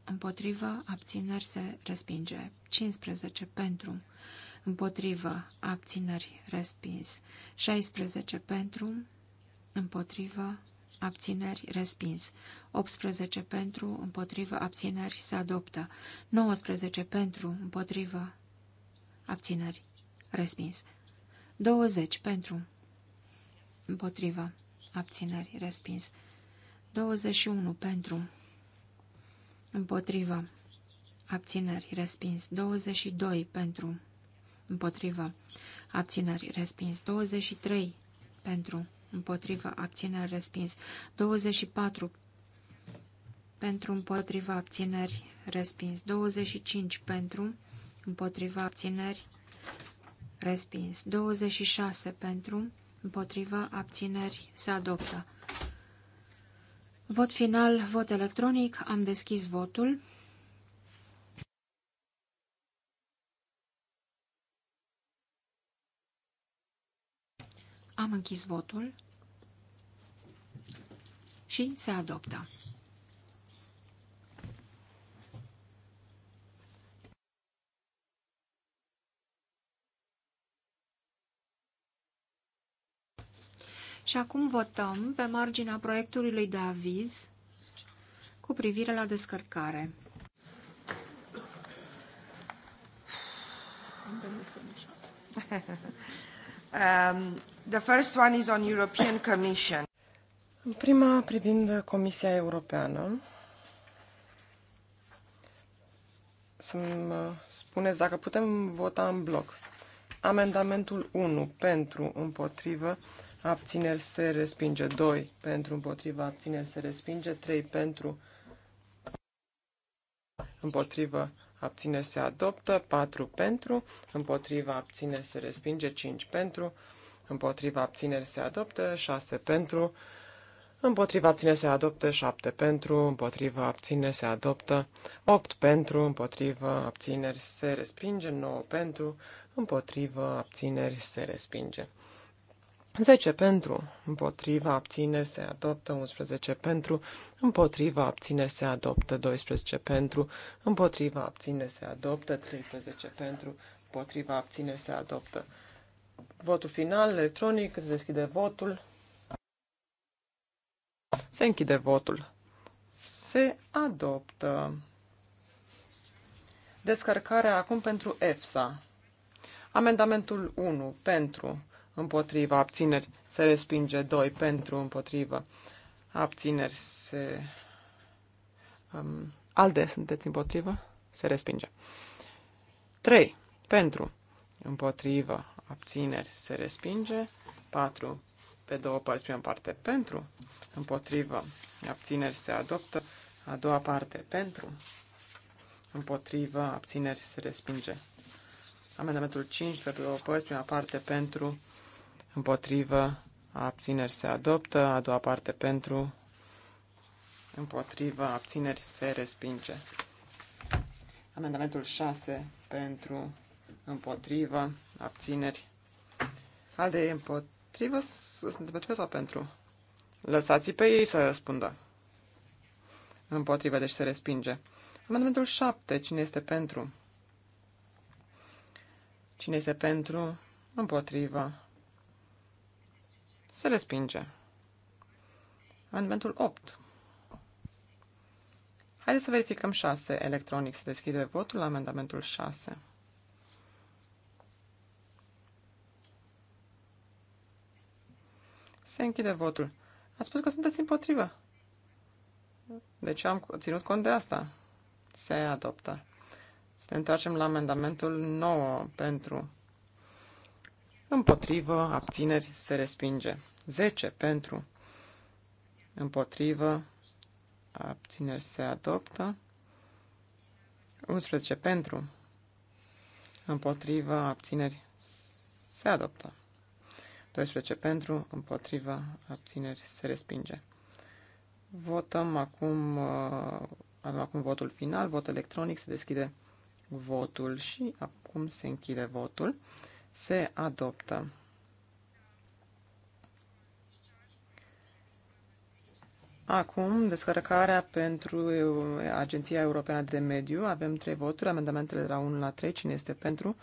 împotrivă, abțineri se respinge. 15 pentru, împotrivă, abțineri respins. 16 pentru, împotrivă, abțineri respins. 18 pentru, împotrivă, abțineri se adoptă. 19 pentru, împotrivă, abțineri respins. 20 pentru, împotrivă, abțineri, respins. 21 pentru, împotrivă, abțineri, respins. 22 pentru, împotrivă, abțineri, respins. 23 pentru, împotrivă, abțineri, respins. 24 pentru, împotrivă, abțineri, respins. 25 pentru, împotriva abțineri, respins. 26 pentru, împotrivă, abțineri, se adoptă. Vot final, vot electronic, am deschis votul. Am închis votul și se adoptă. Și acum votăm pe marginea proiectului de aviz cu privire la descărcare. um, the first one is on European Commission. Prima privind Comisia Europeană. Să-mi uh, spuneți dacă putem vota în bloc. Amendamentul 1 pentru împotrivă abțineri se respinge, 2 pentru împotriva, abțineri se respinge, 3 pentru împotriva, abțineri se adoptă, 4 pentru, împotriva, abțineri se respinge, 5 pentru, împotriva, abțineri se adoptă, 6 pentru, Împotriva abțineri se adoptă 7 pentru, împotriva abțineri se adoptă 8 pentru, împotriva abțineri se respinge 9 pentru, împotriva abțineri se respinge. 10 pentru, împotriva abțineri se adoptă, 11 pentru, împotriva abțineri se adoptă, 12 pentru, împotriva abțineri se adoptă, 13 pentru, împotriva abțineri se adoptă. Votul final, electronic, se deschide votul. Se închide votul. Se adoptă. Descărcarea acum pentru EFSA. Amendamentul 1 pentru împotriva, abțineri se respinge, 2 pentru, împotriva, abțineri se... Um, alde sunteți împotriva, se respinge. 3 pentru, împotriva, abțineri se respinge, 4 pe două părți, prima parte pentru, împotriva, abțineri se adoptă, a doua parte pentru, împotriva, abțineri se respinge. Amendamentul 5 pe două părți, prima parte pentru, împotrivă, abțineri se adoptă, a doua parte pentru, împotrivă, abțineri se respinge. Amendamentul 6 pentru, împotrivă, abțineri. Al de împotrivă, sunt împotrivă sau pentru? Lăsați pe ei să răspundă. Împotrivă, deci se respinge. Amendamentul 7, cine este pentru? Cine este pentru? Împotrivă. Se respinge. Amendamentul 8. Haideți să verificăm 6. Electronic se deschide votul la amendamentul 6. Se închide votul. Ați spus că sunteți împotrivă. Deci am ținut cont de asta. Se adoptă. Să ne întoarcem la amendamentul 9 pentru Împotrivă, abțineri, se respinge. 10 pentru. Împotrivă, abțineri, se adoptă. 11 pentru. Împotrivă, abțineri, se adoptă. 12 pentru, împotrivă, abțineri, se respinge. Votăm acum, uh, avem acum votul final, vot electronic, se deschide votul și acum se închide votul se adoptă. Acum, descărcarea pentru Agenția Europeană de Mediu. Avem trei voturi, amendamentele de la 1 la 3. Cine este pentru?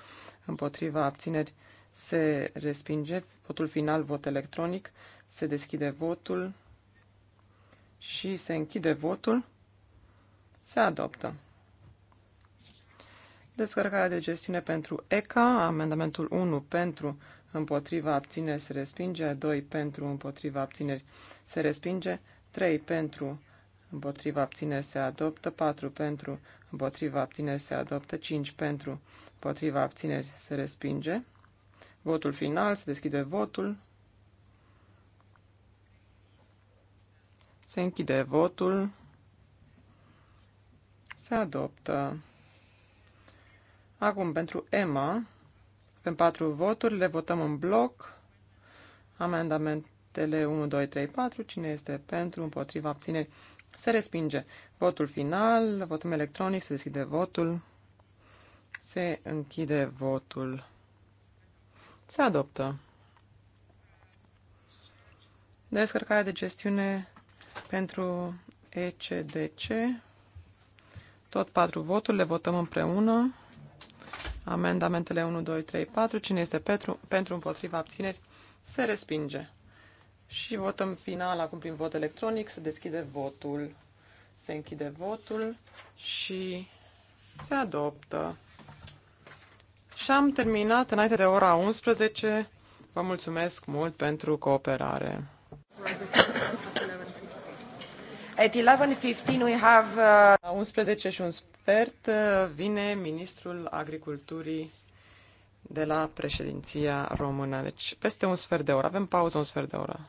Împotriva abțineri se respinge. Votul final, vot electronic. Se deschide votul și se închide votul. Se adoptă. Descărcarea de gestiune pentru ECA, amendamentul 1 pentru împotriva abțineri se respinge, 2 pentru împotriva abțineri se respinge, 3 pentru împotriva abțineri se adoptă, 4 pentru împotriva abțineri se adoptă, 5 pentru împotriva abțineri se respinge. Votul final, se deschide votul. Se închide votul. Se adoptă. Acum, pentru Emma, avem patru voturi, le votăm în bloc. Amendamentele 1, 2, 3, 4. Cine este pentru, împotriva, abțineri, se respinge. Votul final, votăm electronic, se deschide votul. Se închide votul. Se adoptă. Descărcarea de gestiune pentru ECDC. Tot patru voturi, le votăm împreună. Amendamentele 1, 2, 3, 4. Cine este pentru, pentru împotriva abțineri se respinge. Și votăm final acum prin vot electronic. Se deschide votul. Se închide votul și se adoptă. Și am terminat înainte de ora 11. Vă mulțumesc mult pentru cooperare. At 11.15 we have... Uh... 11 și un expert vine ministrul agriculturii de la președinția română. Deci peste un sfert de oră. Avem pauză un sfert de oră.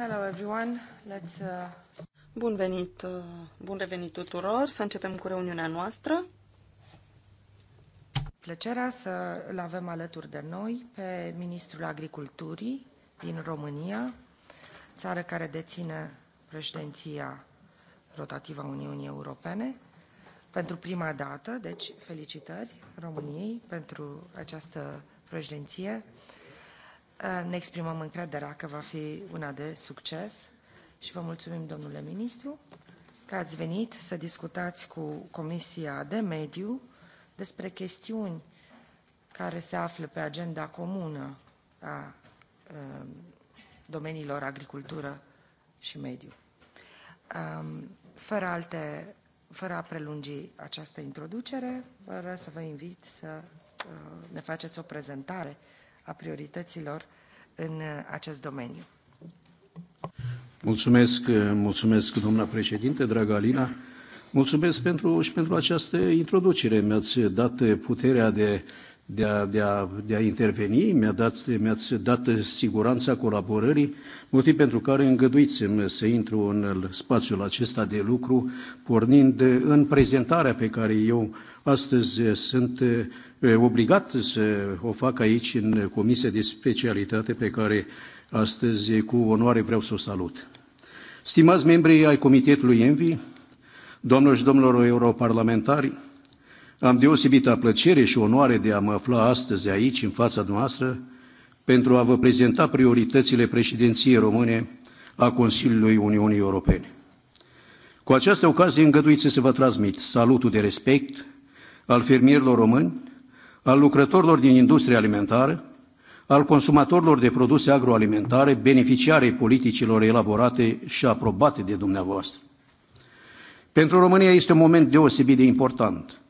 Hello everyone. Let's, uh... Bun venit, uh, bun revenit tuturor. Să începem cu reuniunea noastră. Plăcerea să l avem alături de noi pe Ministrul Agriculturii din România, țară care deține președinția rotativă a Uniunii Europene. Pentru prima dată, deci felicitări României pentru această președinție Eh, ne exprimăm încrederea că va fi una de succes și vă mulțumim, domnule ministru, că ați venit să discutați cu Comisia de Mediu despre chestiuni care se află pe agenda comună a eh, domeniilor agricultură și mediu. Fără, alte, fără a prelungi această introducere, vă să vă invit să eh, ne faceți o prezentare a priorităților în uh, acest domeniu. Mulțumesc, uh, mulțumesc, doamna președinte, dragă Alina. Mulțumesc pentru, și pentru această introducere. Mi-ați dat puterea de, de, a, de, a, de a interveni, mi-a dat, mi-ați dat siguranța colaborării, motiv pentru care îngăduiți-mi să intru în spațiul acesta de lucru, pornind în prezentarea pe care eu astăzi sunt obligat să o fac aici în comisia de specialitate pe care astăzi cu onoare vreau să o salut. Stimați membri ai Comitetului Envi, doamnelor și domnilor europarlamentari, am deosebită plăcere și onoare de a mă afla astăzi aici, în fața noastră, pentru a vă prezenta prioritățile președinției române a Consiliului Uniunii Europene. Cu această ocazie îngăduiți să vă transmit salutul de respect al fermierilor români, al lucrătorilor din industria alimentară, al consumatorilor de produse agroalimentare, beneficiarei politicilor elaborate și aprobate de dumneavoastră. Pentru România este un moment deosebit de important,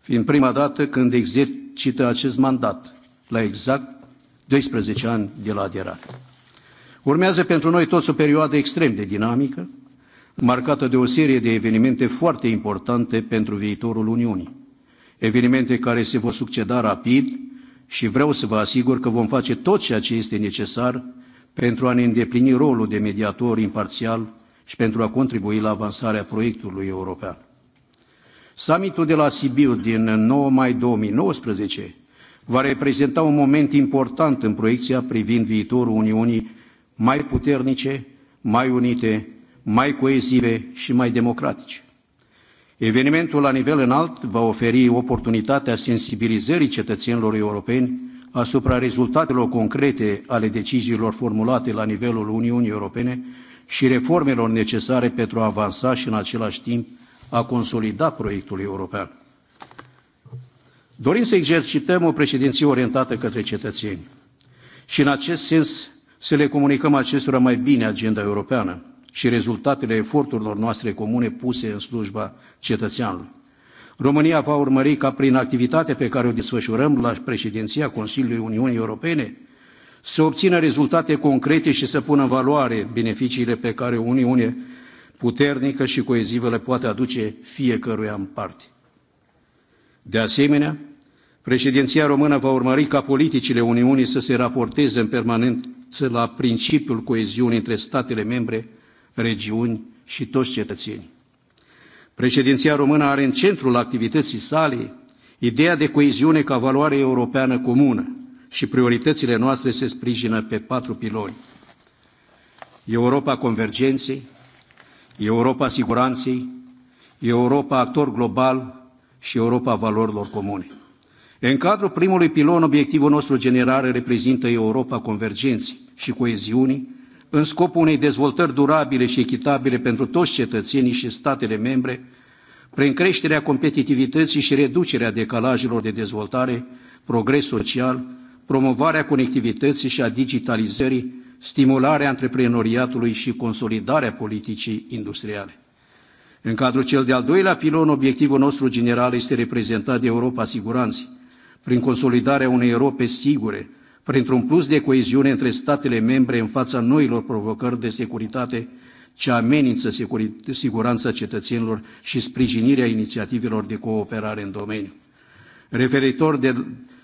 fiind prima dată când exercită acest mandat, la exact 12 ani de la aderare. Urmează pentru noi toți o perioadă extrem de dinamică, marcată de o serie de evenimente foarte importante pentru viitorul Uniunii evenimente care se vor succeda rapid și vreau să vă asigur că vom face tot ceea ce este necesar pentru a ne îndeplini rolul de mediator imparțial și pentru a contribui la avansarea proiectului european. Summitul de la Sibiu din 9 mai 2019 va reprezenta un moment important în proiecția privind viitorul Uniunii mai puternice, mai unite, mai coezive și mai democratice. Evenimentul la nivel înalt va oferi oportunitatea sensibilizării cetățenilor europeni asupra rezultatelor concrete ale deciziilor formulate la nivelul Uniunii Europene și reformelor necesare pentru a avansa și în același timp a consolida proiectul european. Dorim să exercităm o președinție orientată către cetățeni și în acest sens să le comunicăm acestora mai bine agenda europeană, și rezultatele eforturilor noastre comune puse în slujba cetățeanului. România va urmări ca prin activitatea pe care o desfășurăm la președinția Consiliului Uniunii Europene să obțină rezultate concrete și să pună în valoare beneficiile pe care o Uniune puternică și coezivă le poate aduce fiecăruia în parte. De asemenea, președinția română va urmări ca politicile Uniunii să se raporteze în permanență la principiul coeziunii între statele membre regiuni și toți cetățenii. Președinția română are în centrul activității sale ideea de coeziune ca valoare europeană comună și prioritățile noastre se sprijină pe patru piloni. Europa convergenței, Europa siguranței, Europa actor global și Europa valorilor comune. În cadrul primului pilon, obiectivul nostru general reprezintă Europa convergenței și coeziunii, în scopul unei dezvoltări durabile și echitabile pentru toți cetățenii și statele membre, prin creșterea competitivității și reducerea decalajelor de dezvoltare, progres social, promovarea conectivității și a digitalizării, stimularea antreprenoriatului și consolidarea politicii industriale. În cadrul cel de-al doilea pilon, obiectivul nostru general este reprezentat de Europa Siguranței, prin consolidarea unei Europe sigure, printr-un plus de coeziune între statele membre în fața noilor provocări de securitate ce amenință siguranța cetățenilor și sprijinirea inițiativelor de cooperare în domeniu. Referitor de,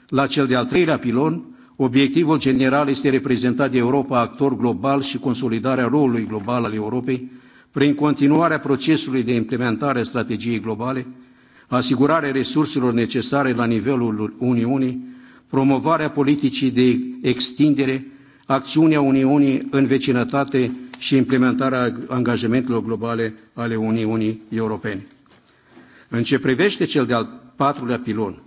la cel de-al treilea pilon, obiectivul general este reprezentat de Europa actor global și consolidarea rolului global al Europei prin continuarea procesului de implementare a strategiei globale, asigurarea resurselor necesare la nivelul Uniunii promovarea politicii de extindere, acțiunea Uniunii în vecinătate și implementarea angajamentelor globale ale Uniunii Europene. În ce privește cel de-al patrulea pilon,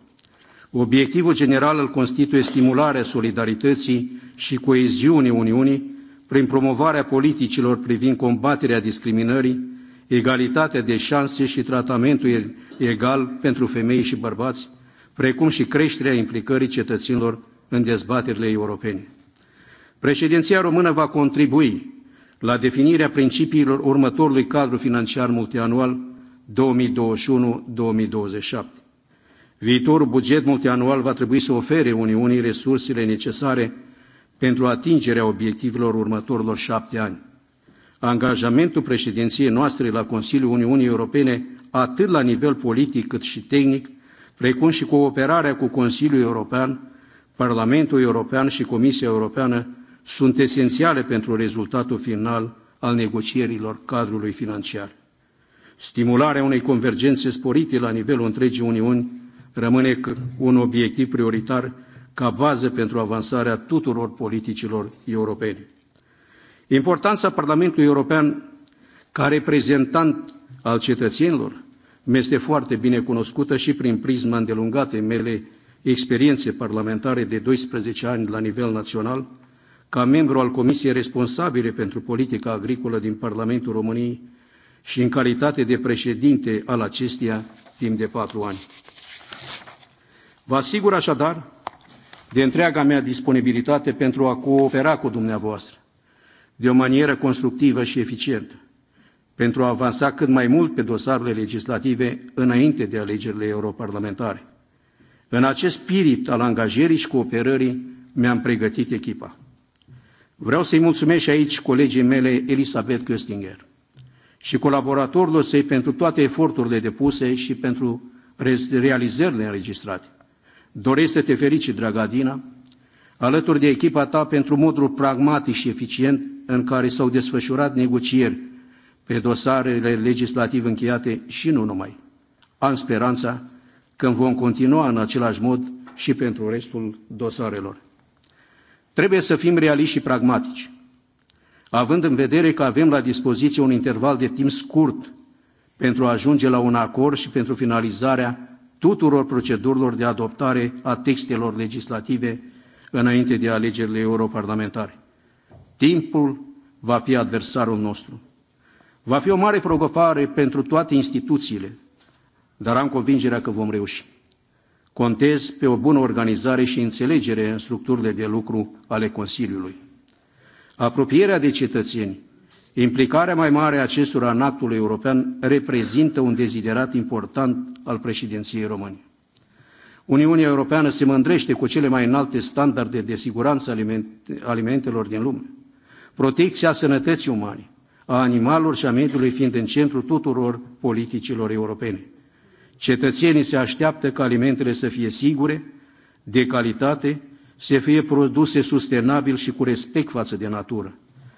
obiectivul general îl constituie stimularea solidarității și coeziunii Uniunii prin promovarea politicilor privind combaterea discriminării, egalitatea de șanse și tratamentul egal pentru femei și bărbați, precum și creșterea implicării cetățenilor în dezbaterile europene. Președinția română va contribui la definirea principiilor următorului cadru financiar multianual 2021-2027. Viitorul buget multianual va trebui să ofere Uniunii resursele necesare pentru atingerea obiectivelor următorilor șapte ani. Angajamentul președinției noastre la Consiliul Uniunii Europene, atât la nivel politic cât și tehnic, precum și cooperarea cu Consiliul European, Parlamentul European și Comisia Europeană sunt esențiale pentru rezultatul final al negocierilor cadrului financiar. Stimularea unei convergențe sporite la nivelul întregii Uniuni rămâne un obiectiv prioritar ca bază pentru avansarea tuturor politicilor europene. Importanța Parlamentului European ca reprezentant al cetățenilor mi-este foarte bine cunoscută și prin prisma îndelungate mele experiențe parlamentare de 12 ani la nivel național, ca membru al Comisiei responsabile pentru politica agricolă din Parlamentul României și în calitate de președinte al acesteia timp de patru ani. Vă asigur așadar de întreaga mea disponibilitate pentru a coopera cu dumneavoastră de o manieră constructivă și eficientă pentru a avansa cât mai mult pe dosarele legislative înainte de alegerile europarlamentare. În acest spirit al angajării și cooperării mi-am pregătit echipa. Vreau să-i mulțumesc și aici colegii mele Elisabeth Köstinger și colaboratorilor săi pentru toate eforturile depuse și pentru realizările înregistrate. Doresc să te ferici, dragă Adina, alături de echipa ta pentru modul pragmatic și eficient în care s-au desfășurat negocieri pe dosarele legislative încheiate și nu numai. Am speranța că vom continua în același mod și pentru restul dosarelor. Trebuie să fim realiști și pragmatici, având în vedere că avem la dispoziție un interval de timp scurt pentru a ajunge la un acord și pentru finalizarea tuturor procedurilor de adoptare a textelor legislative înainte de alegerile europarlamentare. Timpul va fi adversarul nostru. Va fi o mare provocare pentru toate instituțiile, dar am convingerea că vom reuși. Contez pe o bună organizare și înțelegere în structurile de lucru ale Consiliului. Apropierea de cetățeni, implicarea mai mare a acestora în actul european reprezintă un deziderat important al președinției române. Uniunea Europeană se mândrește cu cele mai înalte standarde de siguranță alimentelor din lume, protecția sănătății umane, a animalelor și a mediului fiind în centrul tuturor politicilor europene. Cetățenii se așteaptă ca alimentele să fie sigure, de calitate, să fie produse sustenabil și cu respect față de natură,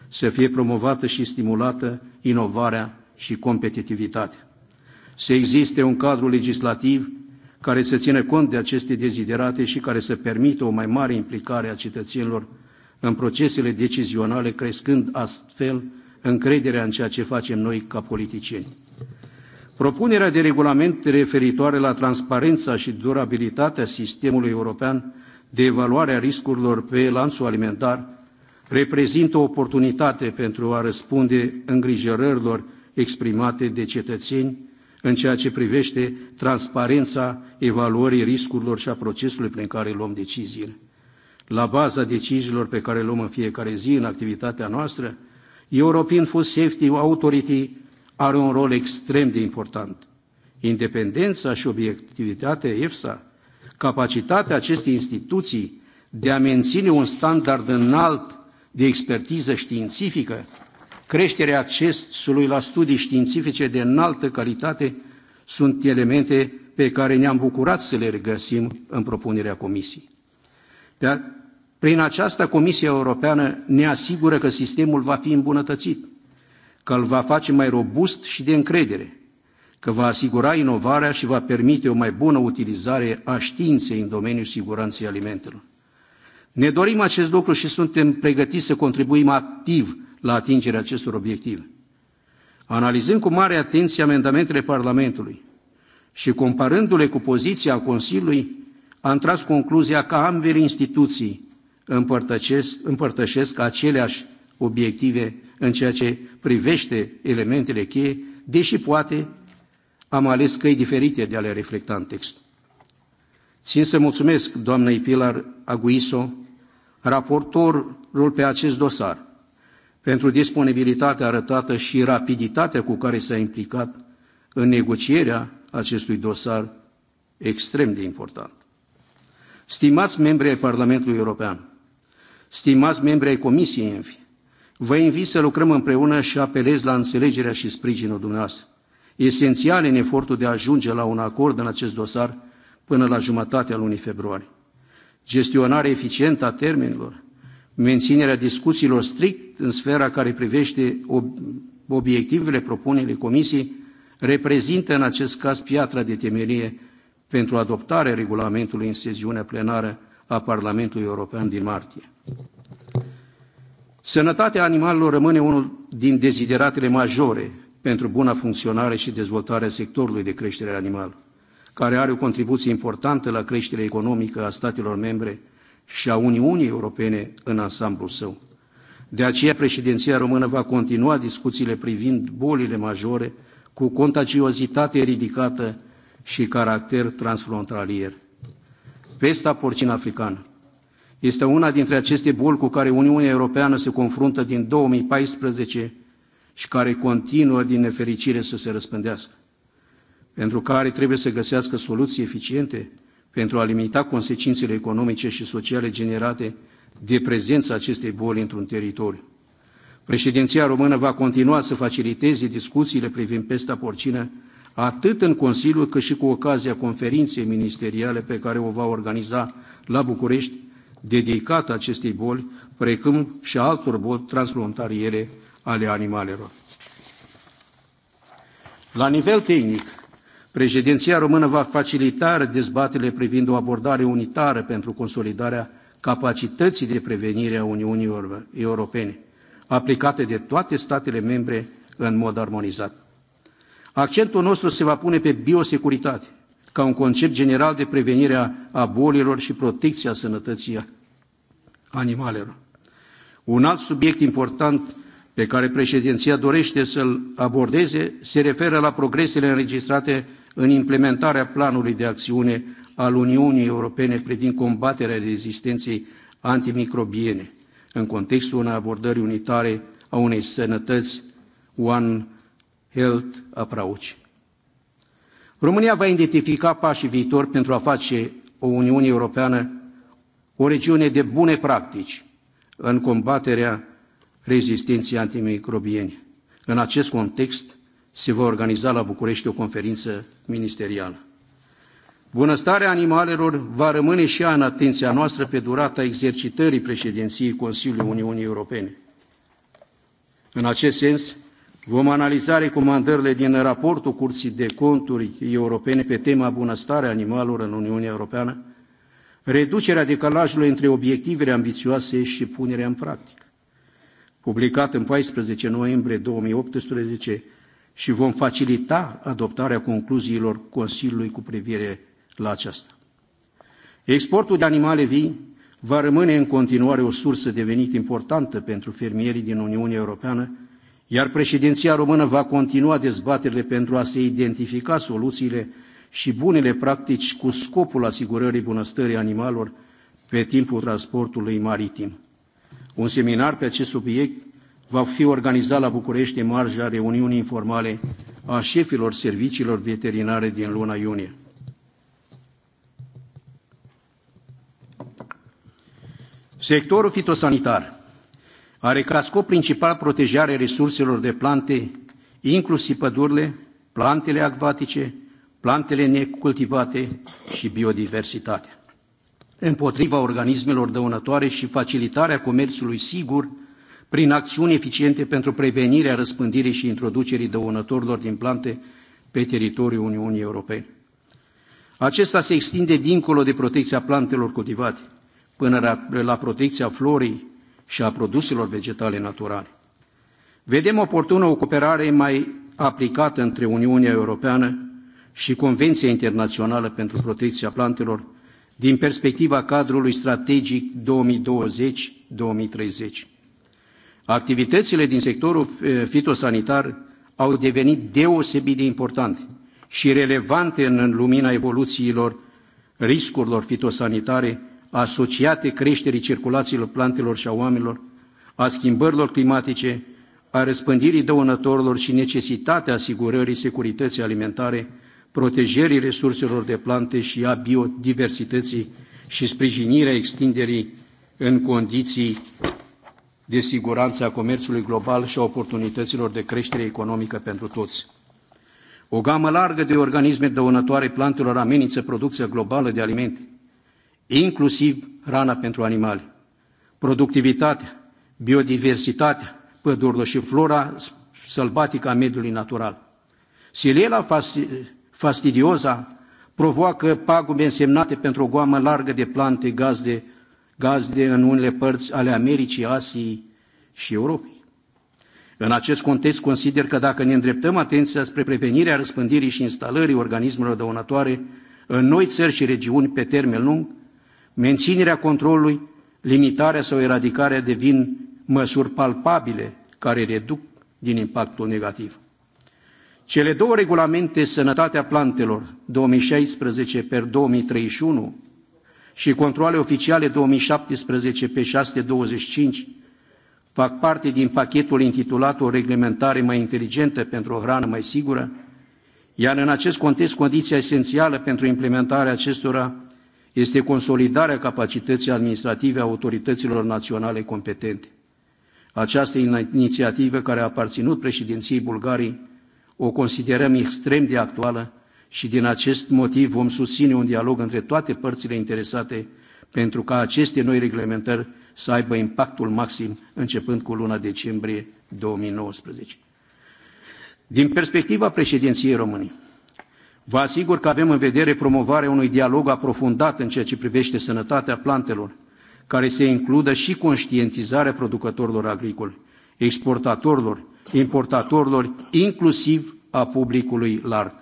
să fie promovată și stimulată inovarea și competitivitatea. Să existe un cadru legislativ care să țină cont de aceste deziderate și care să permită o mai mare implicare a cetățenilor în procesele decizionale, crescând astfel încrederea în ceea ce facem noi ca politicieni. Propunerea de regulament referitoare la transparența și durabilitatea sistemului european de evaluare a riscurilor pe lanțul alimentar reprezintă o oportunitate pentru a răspunde îngrijorărilor exprimate de cetățeni în ceea ce privește transparența evaluării riscurilor și a procesului prin care luăm deciziile. La baza deciziilor pe care le luăm în fiecare zi în activitatea noastră European Food Safety Authority are un rol extrem de important. Independența și obiectivitatea EFSA, capacitatea acestei instituții de a menține un standard înalt de expertiză științifică, creșterea accesului la studii științifice de înaltă calitate sunt elemente pe care ne-am bucurat să le regăsim în propunerea Comisiei. Prin aceasta, Comisia Europeană ne asigură că sistemul va fi îmbunătățit, că îl va face mai robust și de încredere, că va asigura inovarea și va permite o mai bună utilizare a științei în domeniul siguranței alimentelor. Ne dorim acest lucru și suntem pregătiți să contribuim activ la atingerea acestor obiective. Analizând cu mare atenție amendamentele Parlamentului și comparându-le cu poziția Consiliului, am tras concluzia că ambele instituții împărtășesc, împărtășesc aceleași obiective în ceea ce privește elementele cheie, deși poate am ales căi diferite de a le reflecta în text. Țin să mulțumesc doamnei Pilar Aguiso, raportorul pe acest dosar, pentru disponibilitatea arătată și rapiditatea cu care s-a implicat în negocierea acestui dosar extrem de important. Stimați membri ai Parlamentului European, Stimați membri ai Comisiei Envi, vă invit să lucrăm împreună și apelez la înțelegerea și sprijinul dumneavoastră, esențial în efortul de a ajunge la un acord în acest dosar până la jumătatea lunii februarie. Gestionarea eficientă a termenilor, menținerea discuțiilor strict în sfera care privește ob obiectivele propunerii Comisiei reprezintă în acest caz piatra de temelie pentru adoptarea regulamentului în sesiunea plenară a Parlamentului European din martie. Sănătatea animalelor rămâne unul din dezideratele majore pentru buna funcționare și dezvoltarea sectorului de creștere animală, care are o contribuție importantă la creșterea economică a statelor membre și a Uniunii Europene în ansamblul său. De aceea, președinția română va continua discuțiile privind bolile majore cu contagiozitate ridicată și caracter transfrontalier. Pesta porcină africană este una dintre aceste boli cu care Uniunea Europeană se confruntă din 2014 și care continuă din nefericire să se răspândească, pentru care trebuie să găsească soluții eficiente pentru a limita consecințele economice și sociale generate de prezența acestei boli într-un teritoriu. Președinția română va continua să faciliteze discuțiile privind pesta porcină atât în Consiliu cât și cu ocazia conferinței ministeriale pe care o va organiza la București, dedicată acestei boli, precum și altor boli transfrontaliere ale animalelor. La nivel tehnic, președinția română va facilita dezbatele privind o abordare unitară pentru consolidarea capacității de prevenire a Uniunii Europene, aplicate de toate statele membre în mod armonizat. Accentul nostru se va pune pe biosecuritate, ca un concept general de prevenire a bolilor și protecția sănătății animalelor. Un alt subiect important pe care președinția dorește să-l abordeze se referă la progresele înregistrate în implementarea planului de acțiune al Uniunii Europene privind combaterea rezistenței antimicrobiene în contextul unei abordări unitare a unei sănătăți One Health Approach. România va identifica pașii viitori pentru a face o Uniune Europeană o regiune de bune practici în combaterea rezistenței antimicrobiene. În acest context se va organiza la București o conferință ministerială. Bunăstarea animalelor va rămâne și ea în atenția noastră pe durata exercitării președinției Consiliului Uniunii Europene. În acest sens, Vom analiza recomandările din raportul Curții de Conturi Europene pe tema bunăstarea animalelor în Uniunea Europeană, reducerea decalajului între obiectivele ambițioase și punerea în practică. Publicat în 14 noiembrie 2018 și vom facilita adoptarea concluziilor Consiliului cu privire la aceasta. Exportul de animale vii va rămâne în continuare o sursă de venit importantă pentru fermierii din Uniunea Europeană, iar președinția română va continua dezbaterile pentru a se identifica soluțiile și bunele practici cu scopul asigurării bunăstării animalelor pe timpul transportului maritim. Un seminar pe acest subiect va fi organizat la București în marja reuniunii informale a șefilor serviciilor veterinare din luna iunie. Sectorul fitosanitar are ca scop principal protejarea resurselor de plante, inclusiv pădurile, plantele acvatice, plantele necultivate și biodiversitatea. Împotriva organismelor dăunătoare și facilitarea comerțului sigur prin acțiuni eficiente pentru prevenirea răspândirii și introducerii dăunătorilor din plante pe teritoriul Uniunii Europene. Acesta se extinde dincolo de protecția plantelor cultivate, până la protecția florii și a produselor vegetale naturale. Vedem oportună o cooperare mai aplicată între Uniunea Europeană și Convenția Internațională pentru Protecția Plantelor din perspectiva cadrului strategic 2020-2030. Activitățile din sectorul fitosanitar au devenit deosebit de importante și relevante în lumina evoluțiilor riscurilor fitosanitare asociate creșterii circulațiilor plantelor și a oamenilor, a schimbărilor climatice, a răspândirii dăunătorilor și necesitatea asigurării securității alimentare, protejării resurselor de plante și a biodiversității și sprijinirea extinderii în condiții de siguranță a comerțului global și a oportunităților de creștere economică pentru toți. O gamă largă de organisme dăunătoare plantelor amenință producția globală de alimente inclusiv hrana pentru animale. Productivitatea, biodiversitatea, pădurile și flora sălbatică a mediului natural. Silela fastidioza provoacă pagube însemnate pentru o goamă largă de plante gazde, gazde în unele părți ale Americii, Asiei și Europei. În acest context, consider că dacă ne îndreptăm atenția spre prevenirea răspândirii și instalării organismelor dăunătoare în noi țări și regiuni pe termen lung, menținerea controlului, limitarea sau eradicarea devin măsuri palpabile care reduc din impactul negativ. Cele două regulamente Sănătatea Plantelor 2016 per 2031 și controle oficiale 2017 pe 625 fac parte din pachetul intitulat O reglementare mai inteligentă pentru o hrană mai sigură, iar în acest context condiția esențială pentru implementarea acestora este consolidarea capacității administrative a autorităților naționale competente. Această inițiativă care a aparținut președinției Bulgariei o considerăm extrem de actuală și din acest motiv vom susține un dialog între toate părțile interesate pentru ca aceste noi reglementări să aibă impactul maxim începând cu luna decembrie 2019. Din perspectiva președinției României, Vă asigur că avem în vedere promovarea unui dialog aprofundat în ceea ce privește sănătatea plantelor, care să includă și conștientizarea producătorilor agricoli, exportatorilor, importatorilor, inclusiv a publicului larg.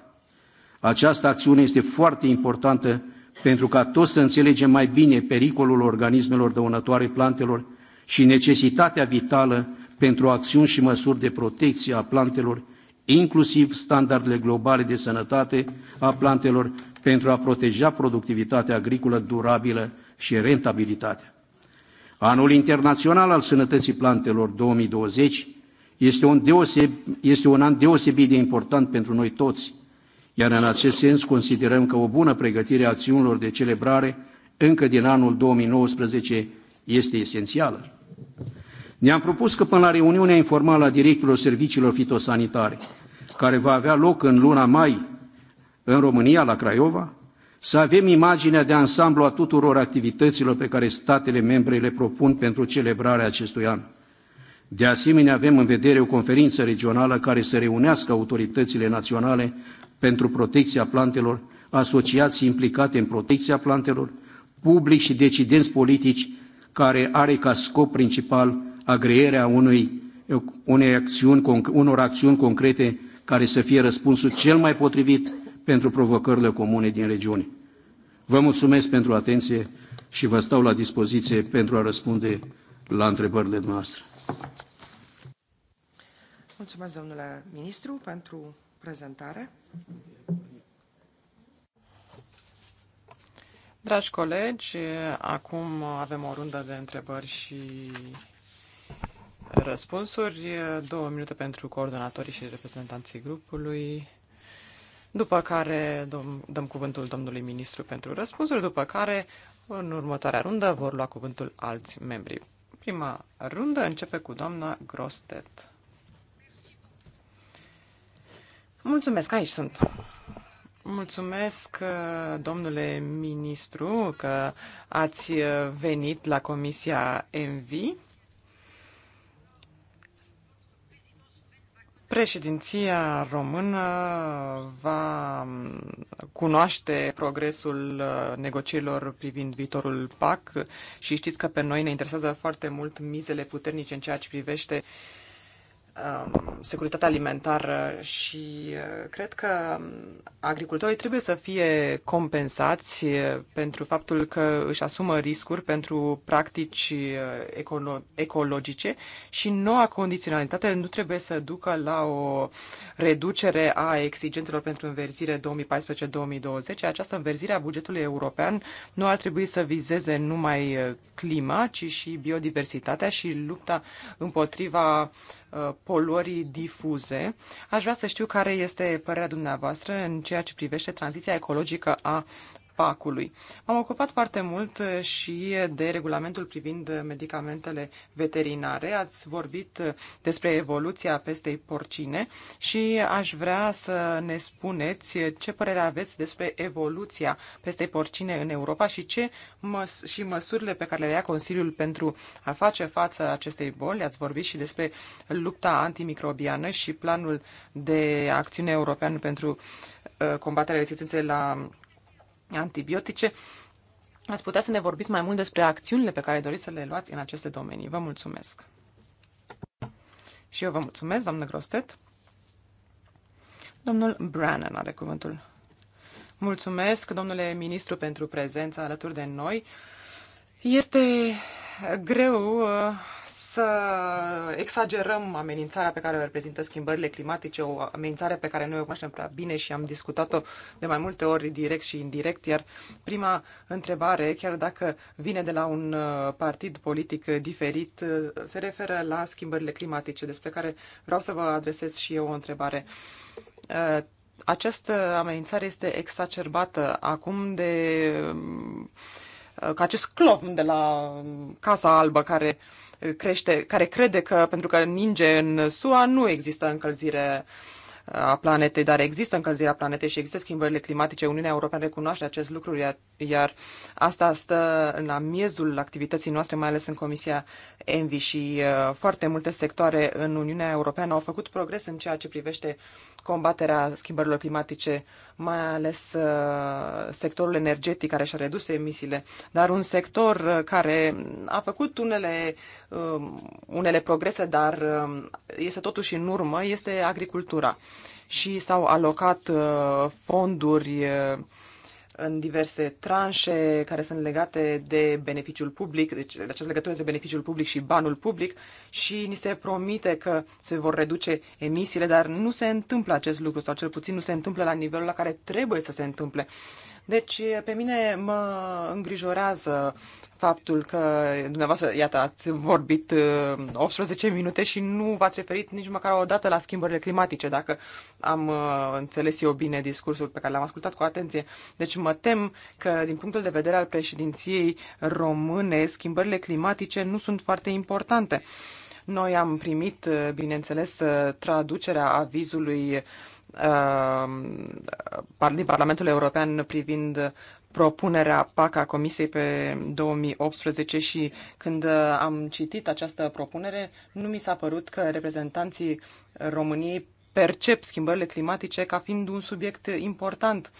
Această acțiune este foarte importantă pentru ca toți să înțelegem mai bine pericolul organismelor dăunătoare plantelor și necesitatea vitală pentru acțiuni și măsuri de protecție a plantelor inclusiv standardele globale de sănătate a plantelor pentru a proteja productivitatea agricolă durabilă și rentabilitatea. Anul Internațional al Sănătății Plantelor 2020 este un, deoseb, este un an deosebit de important pentru noi toți, iar în acest sens considerăm că o bună pregătire a acțiunilor de celebrare încă din anul 2019 este esențială. Ne-am propus că până la reuniunea informală a directorilor serviciilor fitosanitare, care va avea loc în luna mai în România, la Craiova, să avem imaginea de ansamblu a tuturor activităților pe care statele membre le propun pentru celebrarea acestui an. De asemenea, avem în vedere o conferință regională care să reunească autoritățile naționale pentru protecția plantelor, asociații implicate în protecția plantelor, public și decidenți politici care are ca scop principal agreerea unui, unei acțiuni, unor acțiuni concrete care să fie răspunsul cel mai potrivit pentru provocările comune din regiune. Vă mulțumesc pentru atenție și vă stau la dispoziție pentru a răspunde la întrebările noastre. Mulțumesc, domnule ministru, pentru prezentare. Dragi colegi, acum avem o rundă de întrebări și răspunsuri, două minute pentru coordonatorii și reprezentanții grupului, după care dăm cuvântul domnului ministru pentru răspunsuri, după care în următoarea rundă vor lua cuvântul alți membri. Prima rundă începe cu doamna Grostet. Mulțumesc, aici sunt. Mulțumesc, domnule ministru, că ați venit la Comisia ENVI Președinția română va cunoaște progresul uh, negocierilor privind viitorul PAC și știți că pe noi ne interesează foarte mult mizele puternice în ceea ce privește uh, Um, securitatea alimentară și uh, cred că um, agricultorii trebuie să fie compensați uh, pentru faptul că își asumă riscuri pentru practici uh, ecolo- ecologice și noua condiționalitate nu trebuie să ducă la o reducere a exigențelor pentru înverzire 2014-2020. Această înverzire a bugetului european nu ar trebui să vizeze numai clima, ci și biodiversitatea și lupta împotriva Uh, poluării difuze. Aș vrea să știu care este părerea dumneavoastră în ceea ce privește tranziția ecologică a pacului. M-am ocupat foarte mult eh, și de regulamentul privind medicamentele veterinare. Ați vorbit eh, despre evoluția pestei porcine și aș vrea să ne spuneți eh, ce părere aveți despre evoluția pestei porcine în Europa și ce măs- și măsurile pe care le ia Consiliul pentru a face față acestei boli. Ați vorbit și despre lupta antimicrobiană și planul de acțiune european pentru combaterea rezistenței la antibiotice. Ați putea să ne vorbiți mai mult despre acțiunile pe care doriți să le luați în aceste domenii. Vă mulțumesc! Și eu vă mulțumesc, doamnă Grostet. Domnul Brannan are cuvântul. Mulțumesc, domnule ministru, pentru prezența alături de noi. Este greu uh, să exagerăm amenințarea pe care o reprezintă schimbările climatice, o amenințare pe care noi o cunoaștem prea bine și am discutat-o de mai multe ori direct și indirect, iar prima întrebare, chiar dacă vine de la un uh, partid politic diferit, uh, se referă la schimbările climatice, despre care vreau să vă adresez și eu o întrebare. Uh, această amenințare este exacerbată acum de ca acest clov de la Casa Albă care crește, care crede că pentru că ninge în SUA nu există încălzire uh, a planetei, dar există încălzirea planetei și există schimbările climatice. Uniunea Europeană recunoaște acest lucru, iar, iar asta stă la miezul activității noastre, mai ales în Comisia Envi și uh, foarte multe sectoare în Uniunea Europeană au făcut progres în ceea ce privește combaterea schimbărilor climatice, mai ales uh, sectorul energetic care și-a redus emisiile, dar un sector uh, care a făcut unele, um, unele progrese, dar um, este totuși în urmă, este agricultura. Și s-au alocat uh, fonduri în diverse tranșe care sunt legate de beneficiul public, deci de această legătură între beneficiul public și banul public și ni se promite că se vor reduce emisiile, dar nu se întâmplă acest lucru sau cel puțin nu se întâmplă la nivelul la care trebuie să se întâmple. Deci, pe mine mă îngrijorează faptul că dumneavoastră, iată, ați vorbit 18 uh, minute și nu v-ați referit nici măcar o dată la schimbările climatice, dacă am uh, înțeles eu bine discursul pe care l-am ascultat cu atenție. Deci mă tem că, din punctul de vedere al președinției române, schimbările climatice nu sunt foarte importante. Noi am primit, uh, bineînțeles, traducerea avizului uh, Um, din Parlamentul European privind propunerea PAC a Comisiei pe 2018 și când uh, am citit această propunere, nu mi s-a părut că reprezentanții României percep schimbările climatice ca fiind un subiect important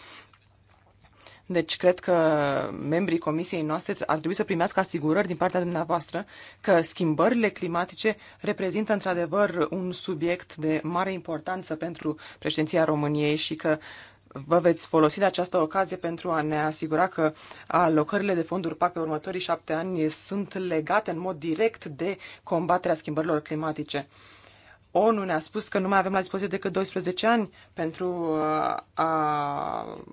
deci cred că membrii comisiei noastre ar trebui să primească asigurări din partea dumneavoastră că schimbările climatice reprezintă într-adevăr un subiect de mare importanță pentru președinția României și că vă veți folosi de această ocazie pentru a ne asigura că alocările de fonduri PAC pe următorii șapte ani sunt legate în mod direct de combaterea schimbărilor climatice. ONU ne-a spus că nu mai avem la dispoziție decât 12 ani pentru uh, a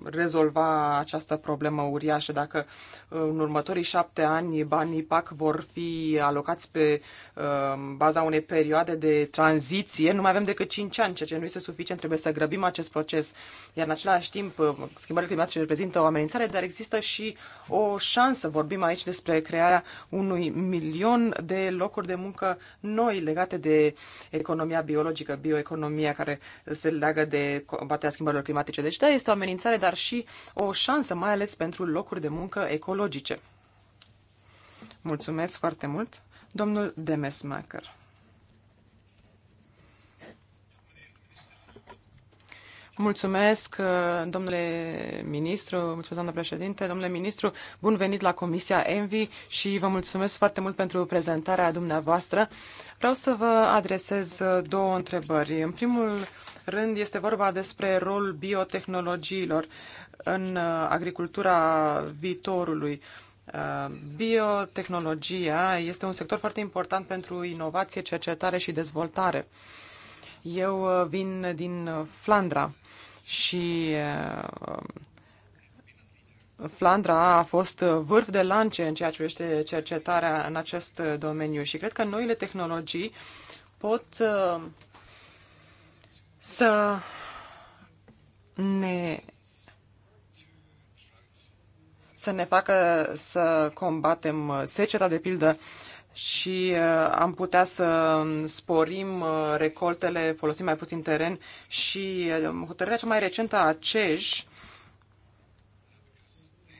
rezolva această problemă uriașă. Dacă uh, în următorii șapte ani banii PAC vor fi alocați pe uh, baza unei perioade de tranziție, nu mai avem decât 5 ani, ceea ce nu este suficient. Trebuie să grăbim acest proces. Iar în același timp, schimbările climatice reprezintă o amenințare, dar există și o șansă. Vorbim aici despre crearea unui milion de locuri de muncă noi legate de economia economia biologică, bioeconomia care se leagă de combaterea schimbărilor climatice. Deci, da, este o amenințare, dar și o șansă, mai ales pentru locuri de muncă ecologice. Mulțumesc foarte mult, domnul Demesmacher. Mulțumesc, uh, domnule ministru, mulțumesc, doamnă președinte, domnule ministru, bun venit la Comisia Envi și vă mulțumesc foarte mult pentru prezentarea dumneavoastră. Vreau să vă adresez uh, două întrebări. În primul rând este vorba despre rolul biotehnologiilor în uh, agricultura viitorului. Biotehnologia este un sector foarte important pentru inovație, cercetare și dezvoltare. Eu uh, vin din uh, Flandra și uh, Flandra a fost vârf de lance în ceea ce privește cercetarea în acest domeniu și cred că noile tehnologii pot să ne să ne facă să combatem seceta, de pildă, și uh, am putea să sporim uh, recoltele, folosim mai puțin teren și uh, hotărârea cea mai recentă a CEJ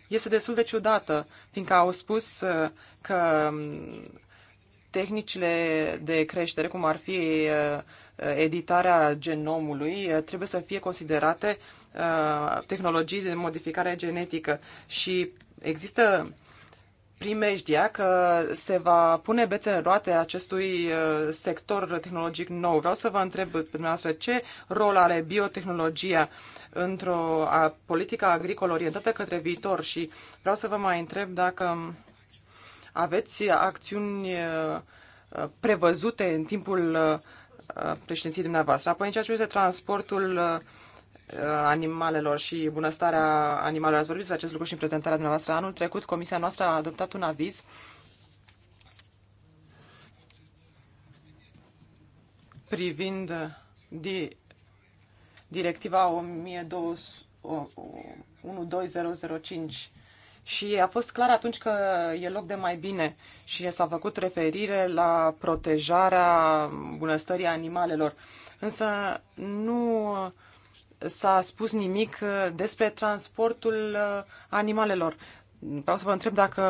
este destul de ciudată, fiindcă au spus că um, tehnicile de creștere, cum ar fi editarea genomului, trebuie să fie considerate tehnologii de modificare genetică și există primejdia că se va pune bețe în roate acestui uh, sector tehnologic nou. Vreau să vă întreb dumneavoastră ce rol are biotehnologia într-o politică agricolă orientată către viitor și vreau să vă mai întreb dacă aveți acțiuni uh, uh, prevăzute în timpul președinției dumneavoastră. Apoi, în ceea ce transportul Uh, animalelor și bunăstarea animalelor. Ați vorbit despre acest lucru și în prezentarea dumneavoastră. Anul trecut, comisia noastră a adoptat un aviz privind uh, di directiva 12005 și a fost clar atunci că e loc de mai bine și s-a făcut referire la protejarea bunăstării animalelor. Însă nu s-a spus nimic uh, despre transportul uh, animalelor. Vreau să vă întreb dacă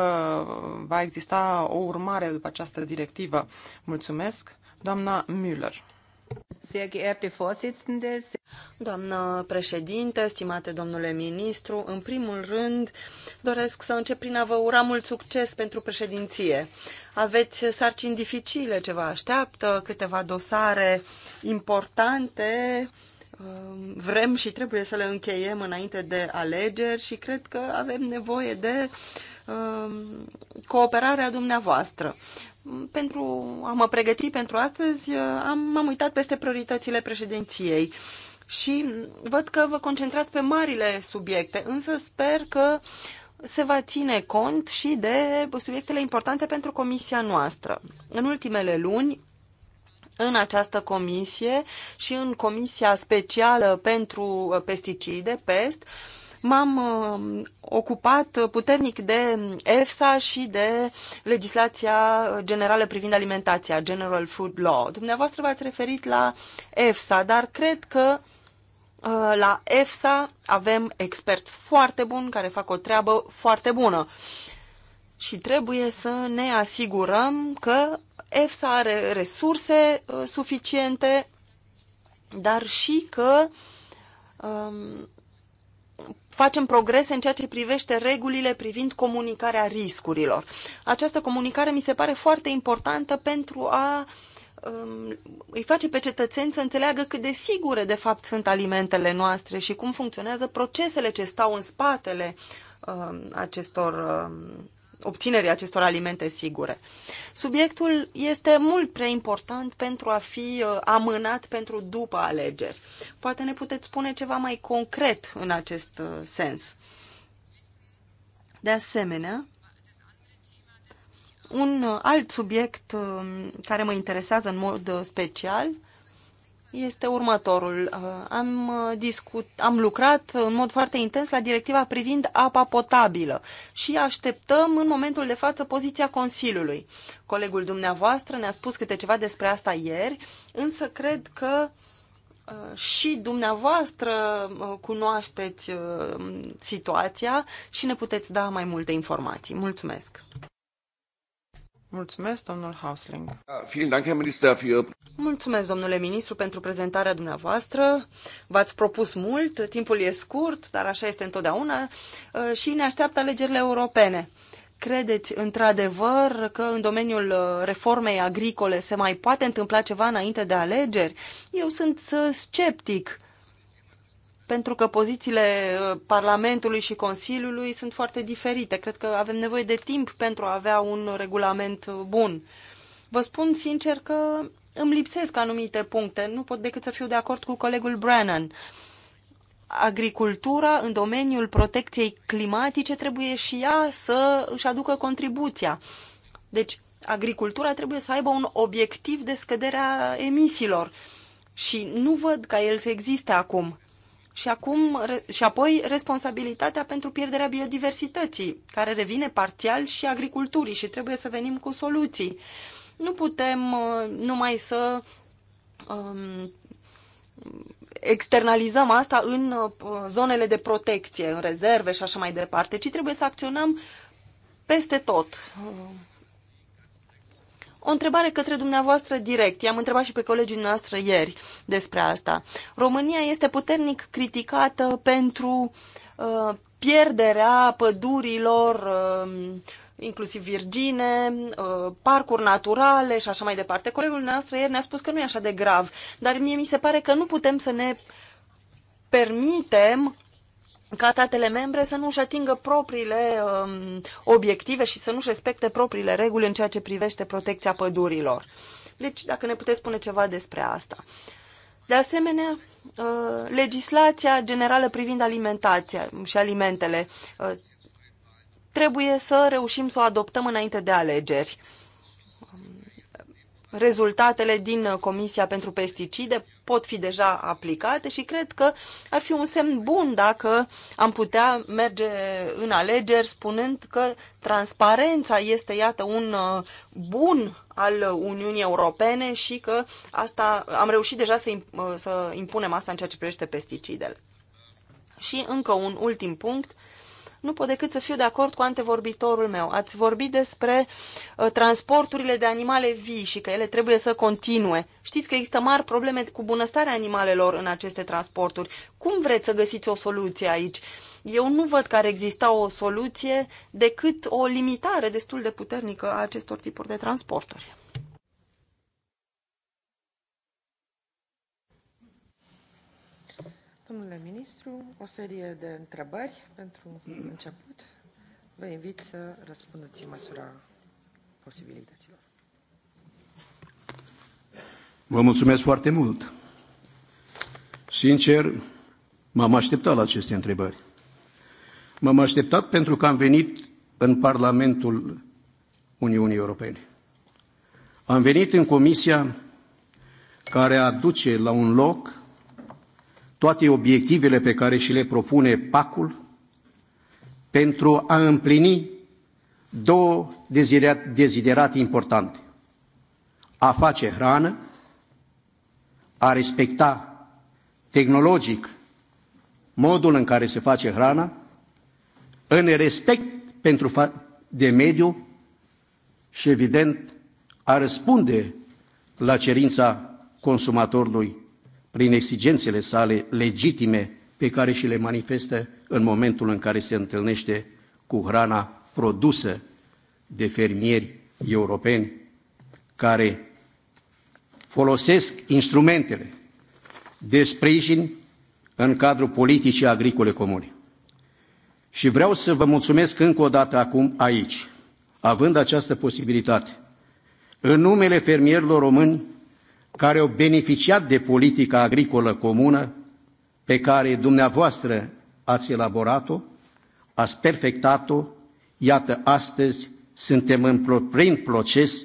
va exista o urmare după această directivă. Mulțumesc. Doamna Müller. Vorsitzende, Doamnă președinte, stimate domnule ministru, în primul rând doresc să încep prin a vă ura mult succes pentru președinție. Aveți sarcini dificile ce vă așteaptă, câteva dosare importante Um, vrem și trebuie să le încheiem înainte de alegeri și cred că avem nevoie de um, cooperarea dumneavoastră. Um, pentru a mă pregăti pentru astăzi, uh, am, m-am uitat peste prioritățile președinției și văd că vă concentrați pe marile subiecte, însă sper că se va ține cont și de subiectele importante pentru comisia noastră. În ultimele luni, în această comisie și în Comisia Specială pentru uh, Pesticide, PEST, m-am uh, ocupat puternic de EFSA și de legislația generală privind alimentația, General Food Law. Dumneavoastră v-ați referit la EFSA, dar cred că uh, la EFSA avem experți foarte buni care fac o treabă foarte bună și trebuie să ne asigurăm că EFSA are resurse uh, suficiente, dar și că um, facem progrese în ceea ce privește regulile privind comunicarea riscurilor. Această comunicare mi se pare foarte importantă pentru a um, îi face pe cetățeni să înțeleagă cât de sigure de fapt sunt alimentele noastre și cum funcționează procesele ce stau în spatele uh, acestor uh, obținerii acestor alimente sigure. Subiectul este mult prea important pentru a fi uh, amânat pentru după alegeri. Poate ne puteți spune ceva mai concret în acest uh, sens. De asemenea, un uh, alt subiect um, care mă interesează în mod special este următorul. Uh, am, uh, discut, am lucrat în mod foarte intens la directiva privind apa potabilă și așteptăm în momentul de față poziția Consiliului. Colegul dumneavoastră ne-a spus câte ceva despre asta ieri, însă cred că uh, și dumneavoastră cunoașteți situația și ne puteți da mai multe informații. Mulțumesc! Mulțumesc, domnul Hausling. Da, Mulțumesc, domnule ministru, pentru prezentarea dumneavoastră. V-ați propus mult, timpul e scurt, dar așa este întotdeauna uh, și ne așteaptă alegerile europene. Credeți într-adevăr că în domeniul uh, reformei agricole se mai poate întâmpla ceva înainte de alegeri? Eu sunt uh, sceptic pentru că pozițiile uh, Parlamentului și Consiliului sunt foarte diferite. Cred că avem nevoie de timp pentru a avea un regulament uh, bun. Vă spun sincer că îmi lipsesc anumite puncte. Nu pot decât să fiu de acord cu colegul Brennan. Agricultura în domeniul protecției climatice trebuie și ea să își aducă contribuția. Deci, agricultura trebuie să aibă un obiectiv de scăderea emisiilor și nu văd ca el să existe acum și, acum, și apoi responsabilitatea pentru pierderea biodiversității, care revine parțial și agriculturii și trebuie să venim cu soluții. Nu putem uh, numai să um, externalizăm asta în uh, zonele de protecție, în rezerve și așa mai departe, ci trebuie să acționăm peste tot. Uh, o întrebare către dumneavoastră direct. I-am întrebat și pe colegii noastre ieri despre asta. România este puternic criticată pentru uh, pierderea pădurilor, uh, inclusiv virgine, uh, parcuri naturale și așa mai departe. Colegul nostru ieri ne-a spus că nu e așa de grav, dar mie mi se pare că nu putem să ne permitem ca statele membre să nu își atingă propriile um, obiective și să nu își respecte propriile reguli în ceea ce privește protecția pădurilor. Deci, dacă ne puteți spune ceva despre asta. De asemenea, uh, legislația generală privind alimentația și alimentele uh, trebuie să reușim să o adoptăm înainte de alegeri. Rezultatele din Comisia pentru Pesticide pot fi deja aplicate și cred că ar fi un semn bun dacă am putea merge în alegeri spunând că transparența este, iată, un uh, bun al Uniunii Europene și că asta am reușit deja să, uh, să impunem asta în ceea ce privește pesticidele. Și încă un ultim punct nu pot decât să fiu de acord cu antevorbitorul meu. Ați vorbit despre uh, transporturile de animale vii și că ele trebuie să continue. Știți că există mari probleme cu bunăstarea animalelor în aceste transporturi. Cum vreți să găsiți o soluție aici? Eu nu văd că ar exista o soluție decât o limitare destul de puternică a acestor tipuri de transporturi. domnule ministru, o serie de întrebări pentru început. Vă invit să răspundeți în măsura posibilităților. Vă mulțumesc foarte mult. Sincer, m-am așteptat la aceste întrebări. M-am așteptat pentru că am venit în Parlamentul Uniunii Europene. Am venit în comisia care aduce la un loc toate obiectivele pe care și le propune pacul pentru a împlini două deziderate importante. A face hrană, a respecta tehnologic modul în care se face hrana, în respect pentru de mediu și, evident, a răspunde la cerința consumatorului prin exigențele sale legitime pe care și le manifestă în momentul în care se întâlnește cu hrana produsă de fermieri europeni care folosesc instrumentele de sprijin în cadrul politicii agricole comune. Și vreau să vă mulțumesc încă o dată acum aici, având această posibilitate, în numele fermierilor români care au beneficiat de politica agricolă comună pe care dumneavoastră ați elaborat-o, ați perfectat-o, iată astăzi suntem în plin proces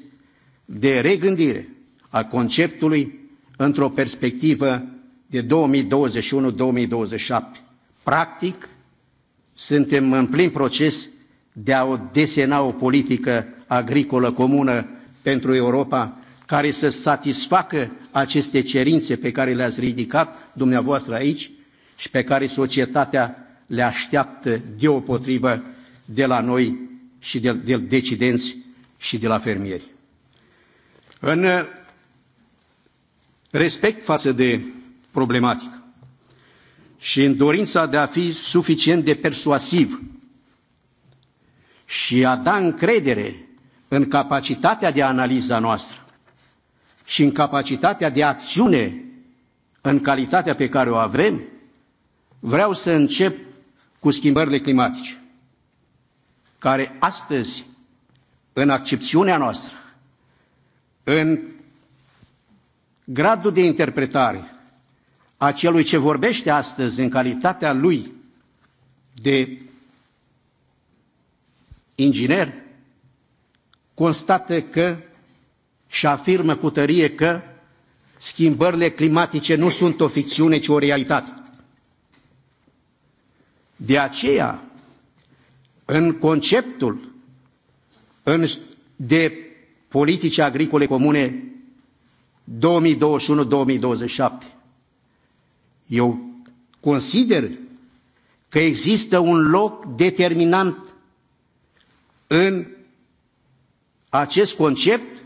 de regândire a conceptului într-o perspectivă de 2021-2027. Practic, suntem în plin proces de a desena o politică agricolă comună pentru Europa care să satisfacă aceste cerințe pe care le-ați ridicat dumneavoastră aici și pe care societatea le așteaptă deopotrivă de la noi și de, de decidenți și de la fermieri. În uh, respect față de problematică și în dorința de a fi suficient de persuasiv și a da încredere în capacitatea de analiză noastră, și în capacitatea de acțiune, în calitatea pe care o avem, vreau să încep cu schimbările climatice, care astăzi, în accepțiunea noastră, în gradul de interpretare a celui ce vorbește astăzi în calitatea lui de inginer, constată că și afirmă cu tărie că schimbările climatice nu sunt o ficțiune, ci o realitate. De aceea, în conceptul în, de politice agricole comune 2021-2027, eu consider că există un loc determinant în acest concept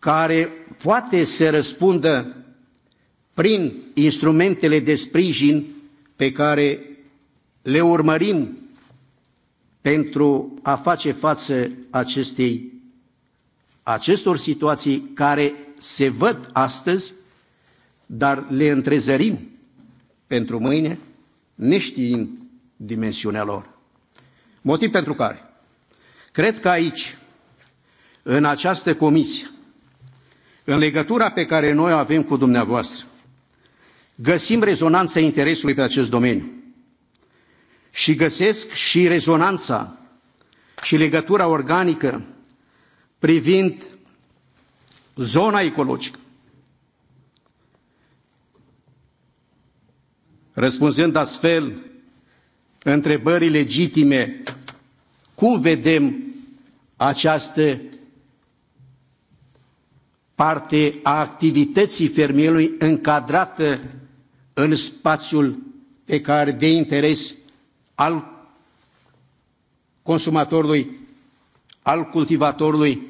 care poate să răspundă prin instrumentele de sprijin pe care le urmărim pentru a face față acestei, acestor situații care se văd astăzi, dar le întrezărim pentru mâine, neștiind dimensiunea lor. Motiv pentru care cred că aici, în această comisie, în legătura pe care noi o avem cu dumneavoastră, găsim rezonanța interesului pe acest domeniu și găsesc și rezonanța și legătura organică privind zona ecologică. Răspunzând astfel întrebării legitime, cum vedem această parte a activității fermierului încadrată în spațiul pe care de interes al consumatorului, al cultivatorului,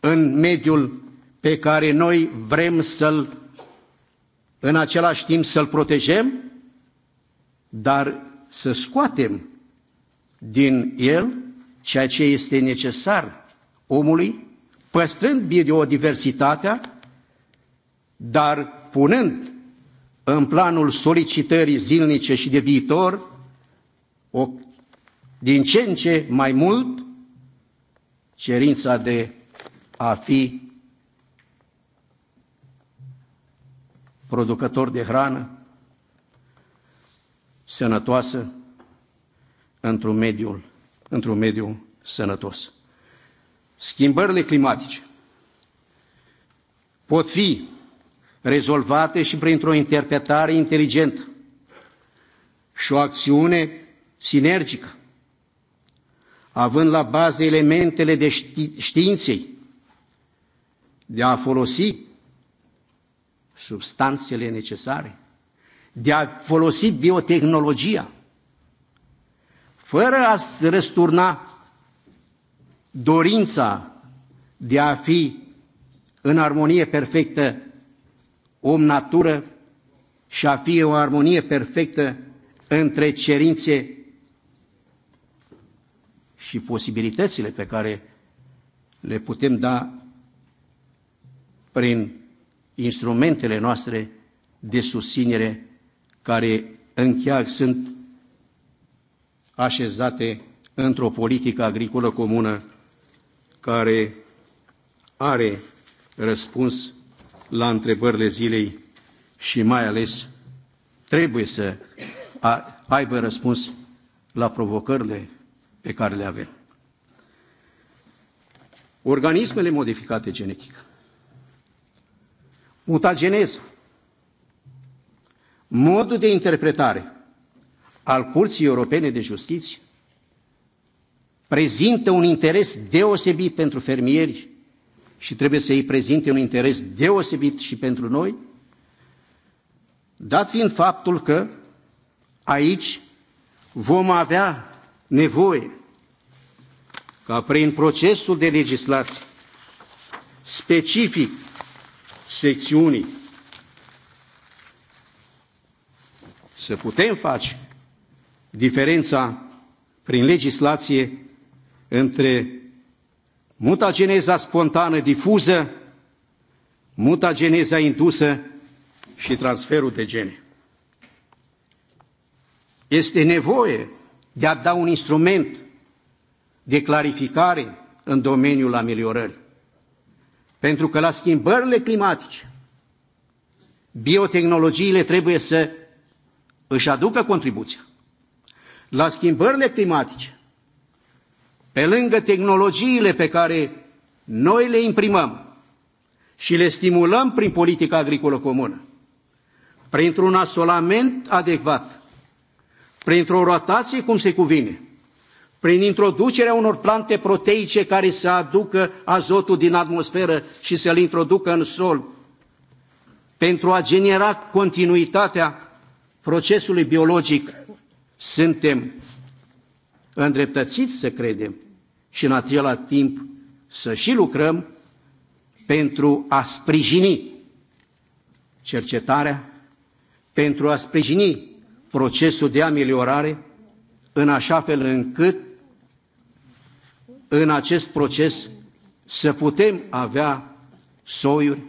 în mediul pe care noi vrem să-l, în același timp, să-l protejăm, dar să scoatem din el ceea ce este necesar omului păstrând biodiversitatea, dar punând în planul solicitării zilnice și de viitor o, din ce în ce mai mult cerința de a fi producător de hrană sănătoasă într-un mediu, într-un mediu sănătos schimbările climatice pot fi rezolvate și printr-o interpretare inteligentă și o acțiune sinergică, având la bază elementele de științei de a folosi substanțele necesare, de a folosi biotehnologia, fără a răsturna dorința de a fi în armonie perfectă om-natură și a fi o armonie perfectă între cerințe și posibilitățile pe care le putem da prin instrumentele noastre de susținere care încheag sunt așezate într-o politică agricolă comună care are răspuns la întrebările zilei și mai ales trebuie să aibă răspuns la provocările pe care le avem. Organismele modificate genetic, mutageneză, modul de interpretare al Curții Europene de Justiție prezintă un interes deosebit pentru fermieri și trebuie să îi prezinte un interes deosebit și pentru noi, dat fiind faptul că aici vom avea nevoie ca prin procesul de legislație specific secțiunii să putem face diferența prin legislație între mutageneza spontană difuză, mutageneza indusă și transferul de gene. Este nevoie de a da un instrument de clarificare în domeniul ameliorării. Pentru că la schimbările climatice, biotehnologiile trebuie să își aducă contribuția. La schimbările climatice, pe lângă tehnologiile pe care noi le imprimăm și le stimulăm prin politica agricolă comună, printr-un asolament adecvat, printr-o rotație cum se cuvine, prin introducerea unor plante proteice care să aducă azotul din atmosferă și să-l introducă în sol, pentru a genera continuitatea procesului biologic, suntem îndreptățiți să credem și în același timp să și lucrăm pentru a sprijini cercetarea, pentru a sprijini procesul de ameliorare, în așa fel încât în acest proces să putem avea soiuri,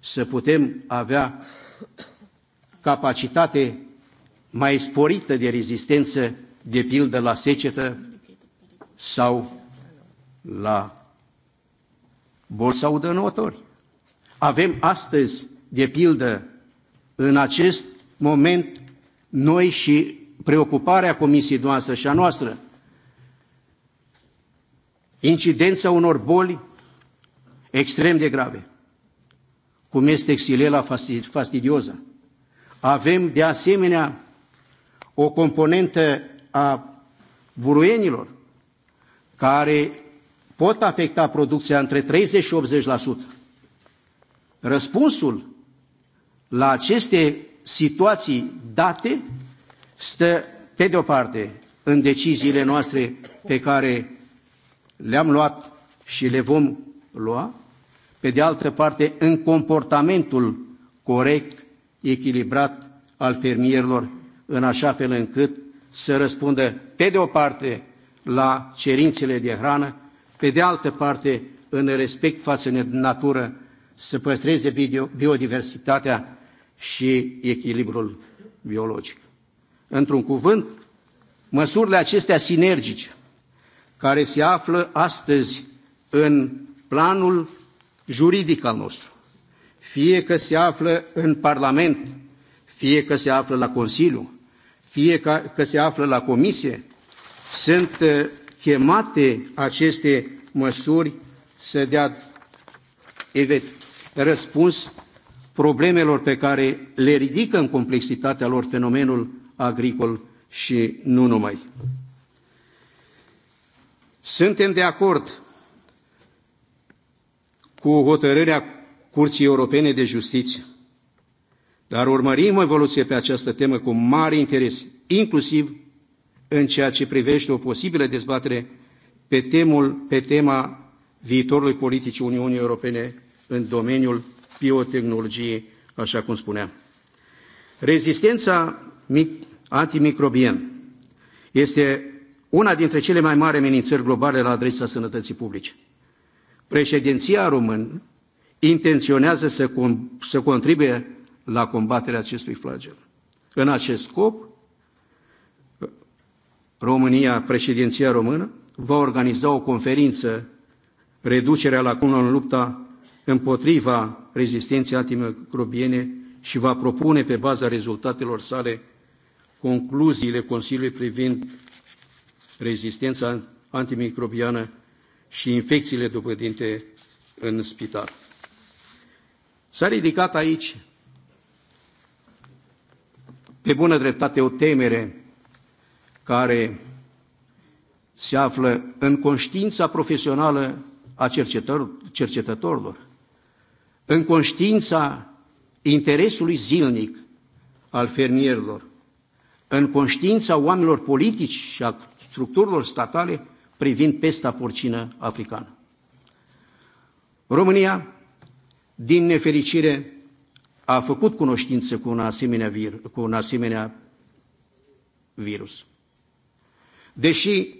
să putem avea capacitate mai sporită de rezistență, de pildă la secetă sau la boli sau dănători. Avem astăzi, de pildă, în acest moment, noi și preocuparea comisiei noastre și a noastră, incidența unor boli extrem de grave, cum este xilela fastidioză. Avem, de asemenea, o componentă a buruienilor, care pot afecta producția între 30 și 80%. Răspunsul la aceste situații date stă, pe de o parte, în deciziile noastre pe care le-am luat și le vom lua, pe de altă parte, în comportamentul corect, echilibrat al fermierilor, în așa fel încât să răspundă, pe de o parte, la cerințele de hrană pe de altă parte, în respect față de natură, să păstreze biodiversitatea și echilibrul biologic. Într-un cuvânt, măsurile acestea sinergice, care se află astăzi în planul juridic al nostru, fie că se află în Parlament, fie că se află la Consiliu, fie că se află la Comisie, sunt uh, chemate aceste măsuri să dea răspuns problemelor pe care le ridică în complexitatea lor fenomenul agricol și nu numai. Suntem de acord cu hotărârea Curții Europene de Justiție, dar urmărim evoluție pe această temă cu mare interes, inclusiv în ceea ce privește o posibilă dezbatere pe, temul, pe tema viitorului politicii Uniunii Europene în domeniul biotehnologiei, așa cum spuneam. Rezistența antimicrobien este una dintre cele mai mari amenințări globale la adresa sănătății publice. Președinția română intenționează să, să contribuie la combaterea acestui flagel. În acest scop, România, președinția română, va organiza o conferință reducerea lacunelor în lupta împotriva rezistenței antimicrobiene și va propune pe baza rezultatelor sale concluziile Consiliului privind rezistența antimicrobiană și infecțiile dinte în spital. S-a ridicat aici, pe bună dreptate, o temere care se află în conștiința profesională a cercetătorilor, în conștiința interesului zilnic al fermierilor, în conștiința oamenilor politici și a structurilor statale privind pesta porcină africană. România, din nefericire, a făcut cunoștință cu un asemenea, vir, cu un asemenea virus. Deși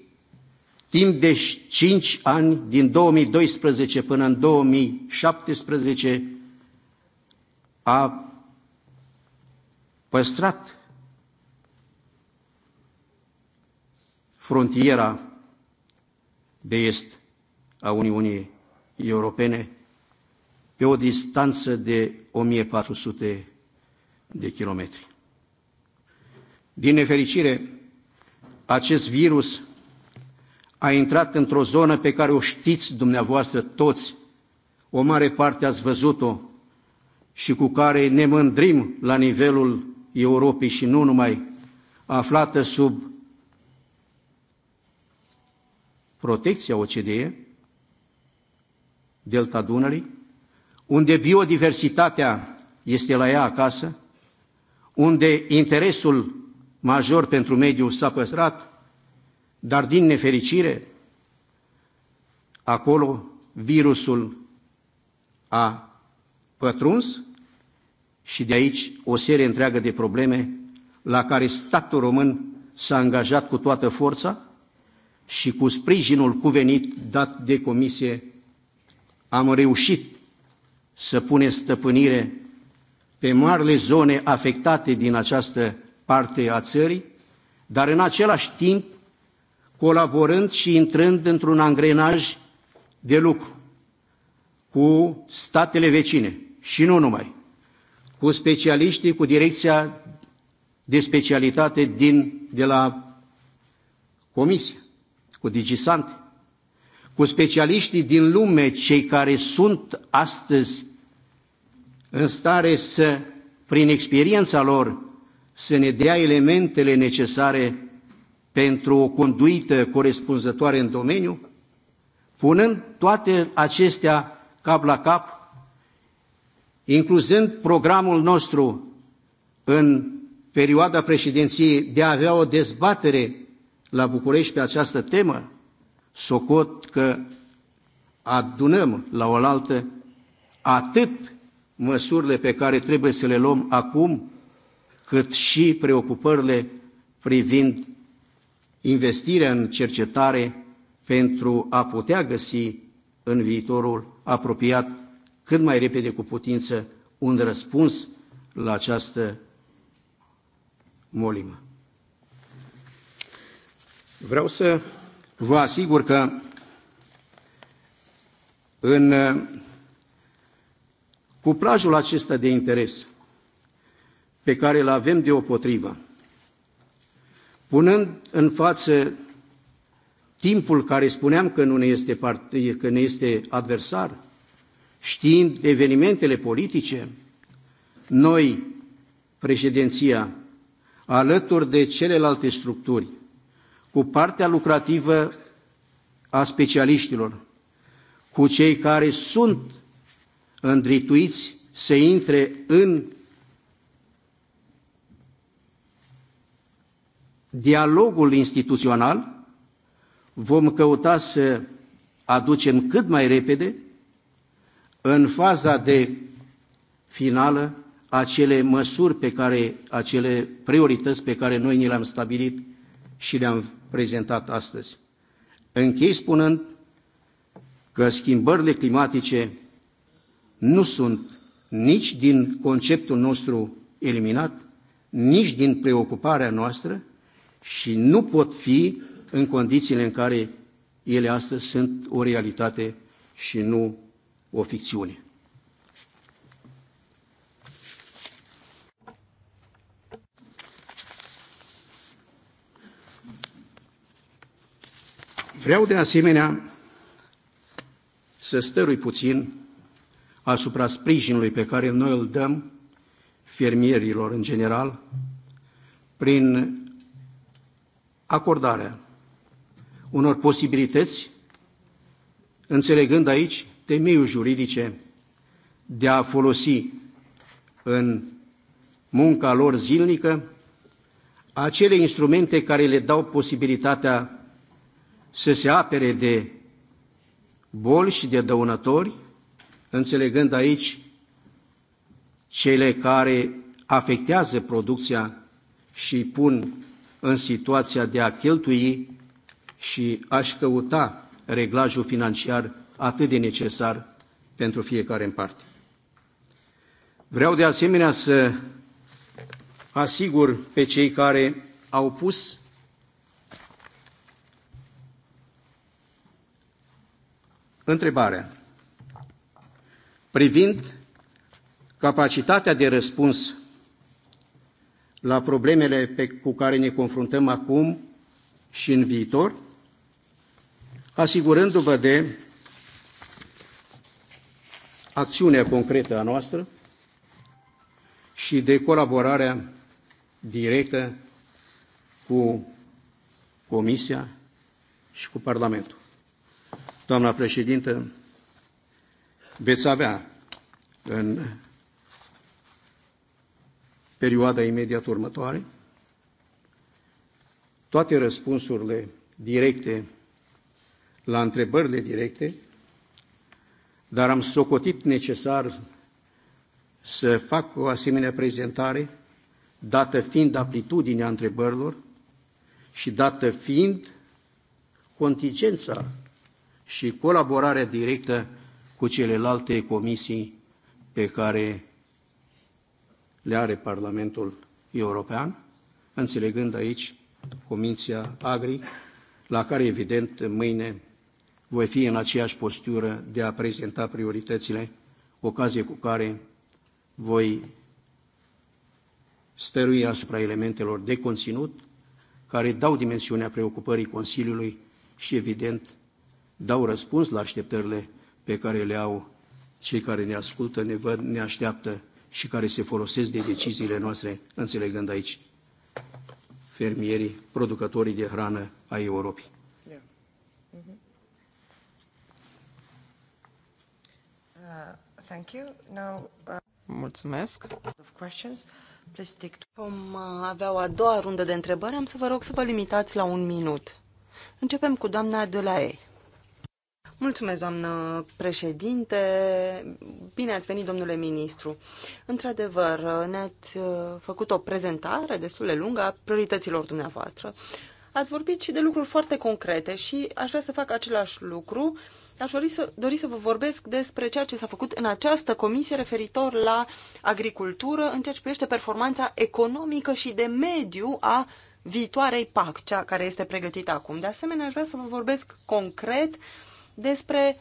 timp de 5 ani, din 2012 până în 2017, a păstrat frontiera de est a Uniunii Europene pe o distanță de 1400 de kilometri. Din nefericire, acest virus a intrat într-o zonă pe care o știți dumneavoastră toți, o mare parte ați văzut-o și cu care ne mândrim la nivelul Europei și nu numai, aflată sub protecția OCDE, Delta Dunării, unde biodiversitatea este la ea acasă, unde interesul major pentru mediu s-a păstrat, dar din nefericire, acolo virusul a pătruns și de aici o serie întreagă de probleme la care statul român s-a angajat cu toată forța și cu sprijinul cuvenit dat de comisie am reușit să punem stăpânire pe marile zone afectate din această parte a țării, dar în același timp colaborând și intrând într-un angrenaj de lucru cu statele vecine și nu numai, cu specialiștii, cu direcția de specialitate din, de la comisie, cu digisante, cu specialiștii din lume, cei care sunt astăzi în stare să, prin experiența lor, să ne dea elementele necesare pentru o conduită corespunzătoare în domeniu, punând toate acestea cap la cap, incluzând programul nostru în perioada președinției de a avea o dezbatere la București pe această temă, socot că adunăm la oaltă atât măsurile pe care trebuie să le luăm acum, cât și preocupările privind investirea în cercetare pentru a putea găsi în viitorul apropiat cât mai repede cu putință un răspuns la această molimă. Vreau să vă asigur că în cuplajul acesta de interes pe care îl avem deopotrivă. Punând în față timpul care spuneam că nu ne este, part... că ne este adversar, știind evenimentele politice, noi, președinția, alături de celelalte structuri, cu partea lucrativă a specialiștilor, cu cei care sunt îndrituiți să intre în dialogul instituțional, vom căuta să aducem cât mai repede în faza de finală acele măsuri pe care, acele priorități pe care noi ni le-am stabilit și le-am prezentat astăzi. Închei spunând că schimbările climatice nu sunt nici din conceptul nostru eliminat, nici din preocuparea noastră, și nu pot fi în condițiile în care ele astăzi sunt o realitate și nu o ficțiune. Vreau de asemenea să stărui puțin asupra sprijinului pe care noi îl dăm fermierilor în general prin acordarea unor posibilități, înțelegând aici temeiul juridice de a folosi în munca lor zilnică acele instrumente care le dau posibilitatea să se apere de boli și de dăunători, înțelegând aici cele care afectează producția și pun în situația de a cheltui și aș căuta reglajul financiar atât de necesar pentru fiecare în parte. Vreau de asemenea să asigur pe cei care au pus întrebarea privind capacitatea de răspuns la problemele pe, cu care ne confruntăm acum și în viitor, asigurându-vă de acțiunea concretă a noastră și de colaborarea directă cu Comisia și cu Parlamentul. Doamna președintă, veți avea în perioada imediat următoare. Toate răspunsurile directe la întrebările directe, dar am socotit necesar să fac o asemenea prezentare, dată fiind aplitudinea întrebărilor și dată fiind contingența și colaborarea directă cu celelalte comisii pe care le are Parlamentul European, înțelegând aici Comisia Agri, la care, evident, mâine voi fi în aceeași postură de a prezenta prioritățile, ocazie cu care voi stărui asupra elementelor de conținut care dau dimensiunea preocupării Consiliului și, evident, dau răspuns la așteptările pe care le au cei care ne ascultă, ne văd, ne așteaptă și care se folosesc de deciziile noastre, înțelegând aici fermierii, producătorii de hrană a Europei. Mm-hmm. Uh, uh, Mulțumesc. Vom uh, avea o a doua rundă de întrebări. Am să vă rog să vă limitați la un minut. Începem cu doamna de Mulțumesc, doamnă președinte. Bine ați venit, domnule ministru. Într-adevăr, ne-ați uh, făcut o prezentare destul de lungă a priorităților dumneavoastră. Ați vorbit și de lucruri foarte concrete și aș vrea să fac același lucru. Aș dori să, dori să vă vorbesc despre ceea ce s-a făcut în această comisie referitor la agricultură în ceea ce privește performanța economică și de mediu a viitoarei PAC, cea care este pregătită acum. De asemenea, aș vrea să vă vorbesc concret uh, despre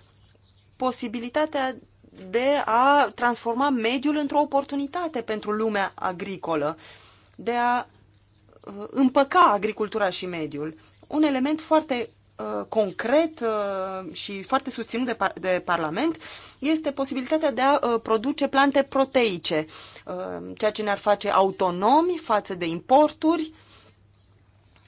posibilitatea de a transforma mediul într-o oportunitate pentru lumea agricolă, de a uh, împăca agricultura și mediul. Un element foarte uh, concret uh, și foarte susținut de, par- de Parlament este posibilitatea de a uh, produce plante proteice, uh, ceea ce ne-ar face autonomi față de importuri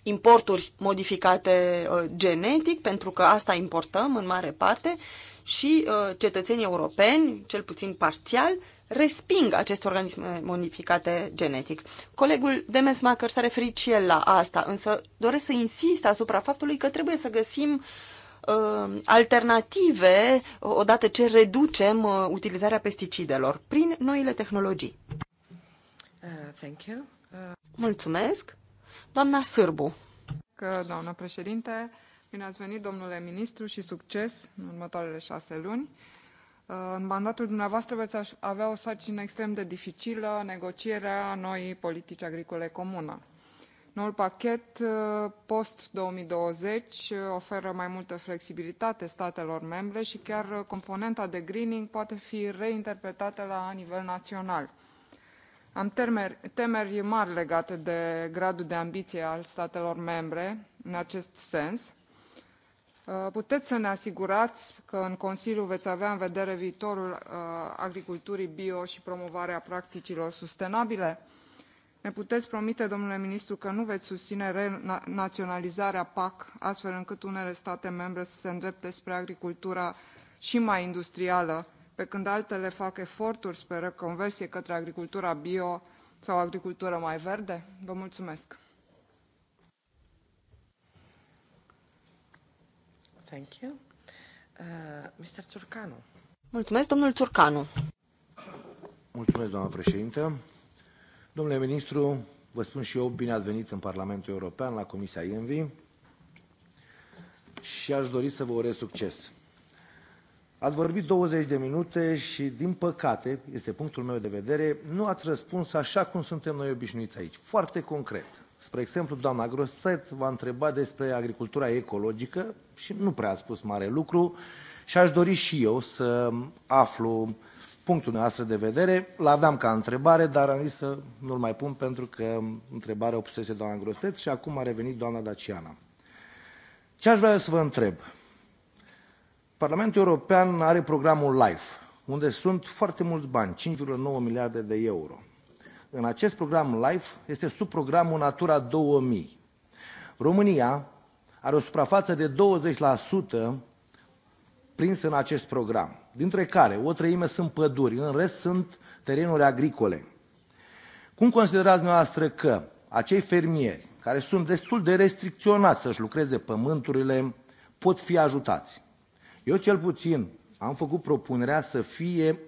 importuri modificate uh, genetic, pentru că asta importăm în mare parte, și uh, cetățenii europeni, cel puțin parțial, resping aceste organisme modificate genetic. Colegul Demesmacher s-a referit și el la asta, însă doresc să insist asupra faptului că trebuie să găsim uh, alternative odată ce reducem utilizarea pesticidelor prin noile tehnologii. Uh, thank you. Mulțumesc. Doamna Sârbu. Că, doamna președinte, bine ați venit, domnule ministru, și succes în următoarele șase luni. În mandatul dumneavoastră veți avea o sarcină extrem de dificilă, negocierea noii politici agricole comune. Noul pachet uh, post-2020 uh, oferă mai multă flexibilitate statelor membre și chiar uh, componenta de greening poate fi reinterpretată la nivel național. Am temeri, mari legate de gradul de ambiție al statelor membre în acest sens. Uh, puteți să ne asigurați că în Consiliu veți avea în vedere viitorul uh, agriculturii bio și promovarea practicilor sustenabile? Ne puteți promite, domnule ministru, că nu veți susține renaționalizarea PAC, astfel încât unele state membre să se îndrepte spre agricultura și mai industrială pe când altele fac eforturi spre reconversie către agricultura bio sau agricultură mai verde? Vă mulțumesc! Thank you. Uh, Mr. Ciurcanu. Mulțumesc, domnul Ciurcanu. Mulțumesc, doamna președintă. Domnule ministru, vă spun și eu bine ați venit în Parlamentul European, la Comisia INVI și aș dori să vă urez succes. Ați vorbit 20 de minute și, din păcate, este punctul meu de vedere, nu ați răspuns așa cum suntem noi obișnuiți aici, foarte concret. Spre exemplu, doamna Grosset v-a întrebat despre agricultura ecologică și nu prea a spus mare lucru și aș dori și eu să aflu punctul noastră de vedere. L-aveam ca întrebare, dar am zis să nu-l mai pun pentru că întrebarea obsese doamna Grostet și acum a revenit doamna Daciana. Ce aș vrea să vă întreb? Parlamentul European are programul LIFE, unde sunt foarte mulți bani, 5,9 miliarde de euro. În acest program LIFE este subprogramul Natura 2000. România are o suprafață de 20% prinsă în acest program, dintre care o treime sunt păduri, în rest sunt terenuri agricole. Cum considerați noastră că acei fermieri, care sunt destul de restricționați să-și lucreze pământurile, pot fi ajutați? Eu cel puțin am făcut propunerea să fie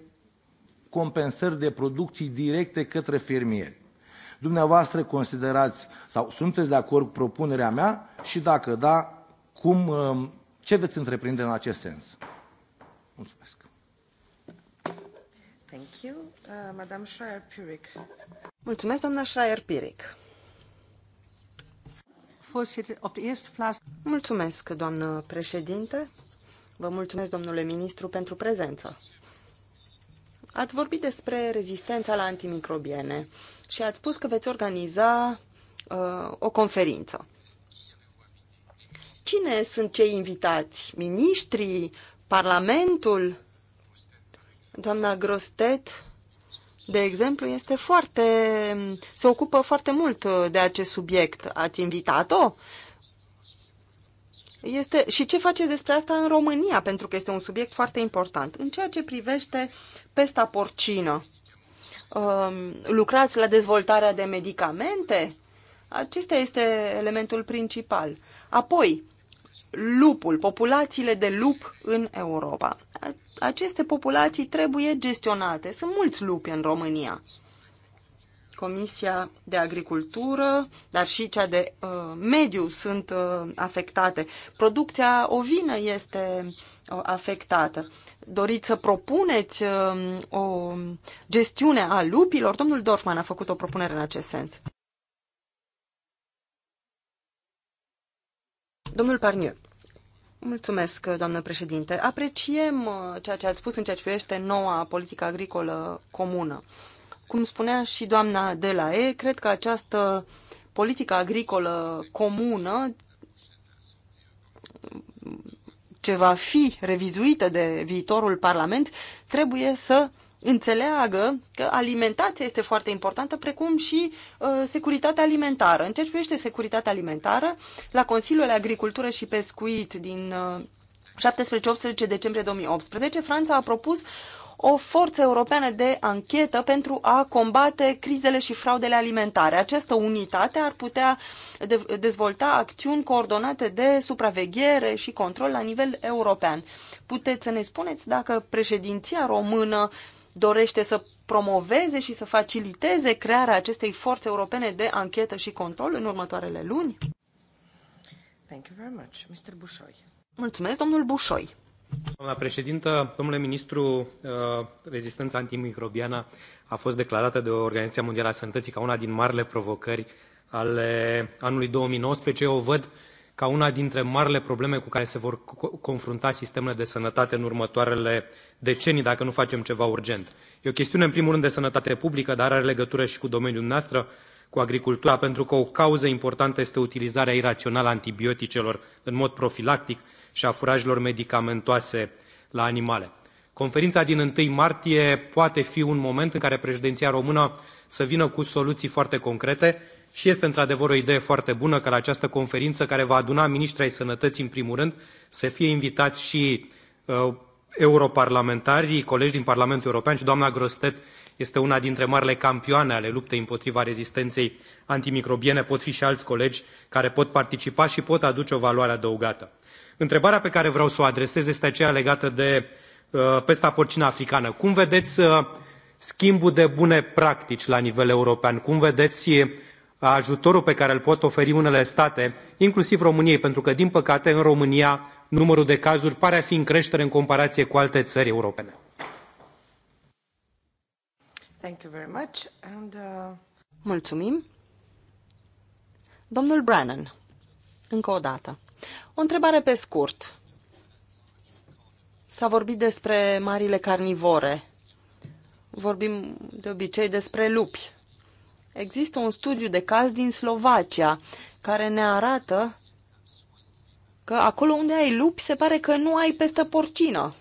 compensări de producții directe către fermieri. Dumneavoastră considerați sau sunteți de acord cu propunerea mea și dacă da, cum, um, ce veți întreprinde în acest sens? Mulțumesc. Thank you. Uh, Madame Schreier-Piric. Mulțumesc, doamna Schreier-Piric. Mulțumesc, doamnă președinte. Vă mulțumesc, domnule ministru, pentru prezență. Ați vorbit despre rezistența la antimicrobiene și ați spus că veți organiza uh, o conferință. Cine sunt cei invitați? Ministrii? Parlamentul? Doamna Grostet, de exemplu, este foarte, se ocupă foarte mult uh, de acest subiect. Ați invitat-o? Uh, este și ce faceți despre asta în România, pentru că este un subiect foarte important. În ceea ce privește pesta porcină, um, lucrați la dezvoltarea de medicamente? Acesta este elementul principal. Apoi, lupul, populațiile de lup în Europa. Aceste populații trebuie gestionate. Sunt mulți lupi în România. Comisia de Agricultură, dar și cea de uh, mediu sunt uh, afectate. Producția ovină este uh, afectată. Doriți să propuneți uh, o gestiune a lupilor? Domnul Dorfman a făcut o propunere în acest sens. Domnul Parniu. Mulțumesc, doamnă președinte. Apreciem uh, ceea ce ați spus în ceea ce privește noua politică agricolă comună. Cum spunea și doamna de la E, cred că această politică agricolă comună ce va fi revizuită de viitorul Parlament trebuie să înțeleagă că alimentația este foarte importantă, precum și uh, securitatea alimentară. În ce privește securitatea alimentară, la Consiliul Agricultură și Pescuit din uh, 17-18 decembrie 2018, Franța a propus o forță europeană de anchetă pentru a combate crizele și fraudele alimentare. Această unitate ar putea dezvolta acțiuni coordonate de supraveghere și control la nivel european. Puteți să ne spuneți dacă președinția română dorește să promoveze și să faciliteze crearea acestei forțe europene de anchetă și control în următoarele luni? Thank you very much, Mr. Bușoi. Mulțumesc, domnul Bușoi. Doamna președintă, domnule ministru, uh, rezistența antimicrobiană a fost declarată de Organizația Mondială a Sănătății ca una din marile provocări ale anului 2019. Eu o văd ca una dintre marile probleme cu care se vor confrunta sistemele de sănătate în următoarele decenii, dacă nu facem ceva urgent. E o chestiune, în primul rând, de sănătate publică, dar are legătură și cu domeniul noastră cu agricultura, pentru că o cauză importantă este utilizarea irațională a antibioticelor în mod profilactic și a furajelor medicamentoase la animale. Conferința din 1 martie poate fi un moment în care președinția română să vină cu soluții foarte concrete și este într-adevăr o idee foarte bună că la această conferință care va aduna ministrii ai sănătății în primul rând să fie invitați și uh, europarlamentarii, colegi din Parlamentul European și doamna Grostet este una dintre marile campioane ale luptei împotriva rezistenței antimicrobiene. Pot fi și alți colegi care pot participa și pot aduce o valoare adăugată. Întrebarea pe care vreau să o adresez este aceea legată de uh, pesta porcină africană. Cum vedeți uh, schimbul de bune practici la nivel european? Cum vedeți uh, ajutorul pe care îl pot oferi unele state, inclusiv României, pentru că, din păcate, în România, numărul de cazuri pare a fi în creștere în comparație cu alte țări europene. Uh, Mulțumim. Domnul Brannan, încă o dată. O întrebare pe scurt. S-a vorbit despre marile carnivore. Vorbim de obicei despre lupi. Există un studiu de caz din Slovacia care ne arată că acolo unde ai lupi se pare că nu ai peste porcină.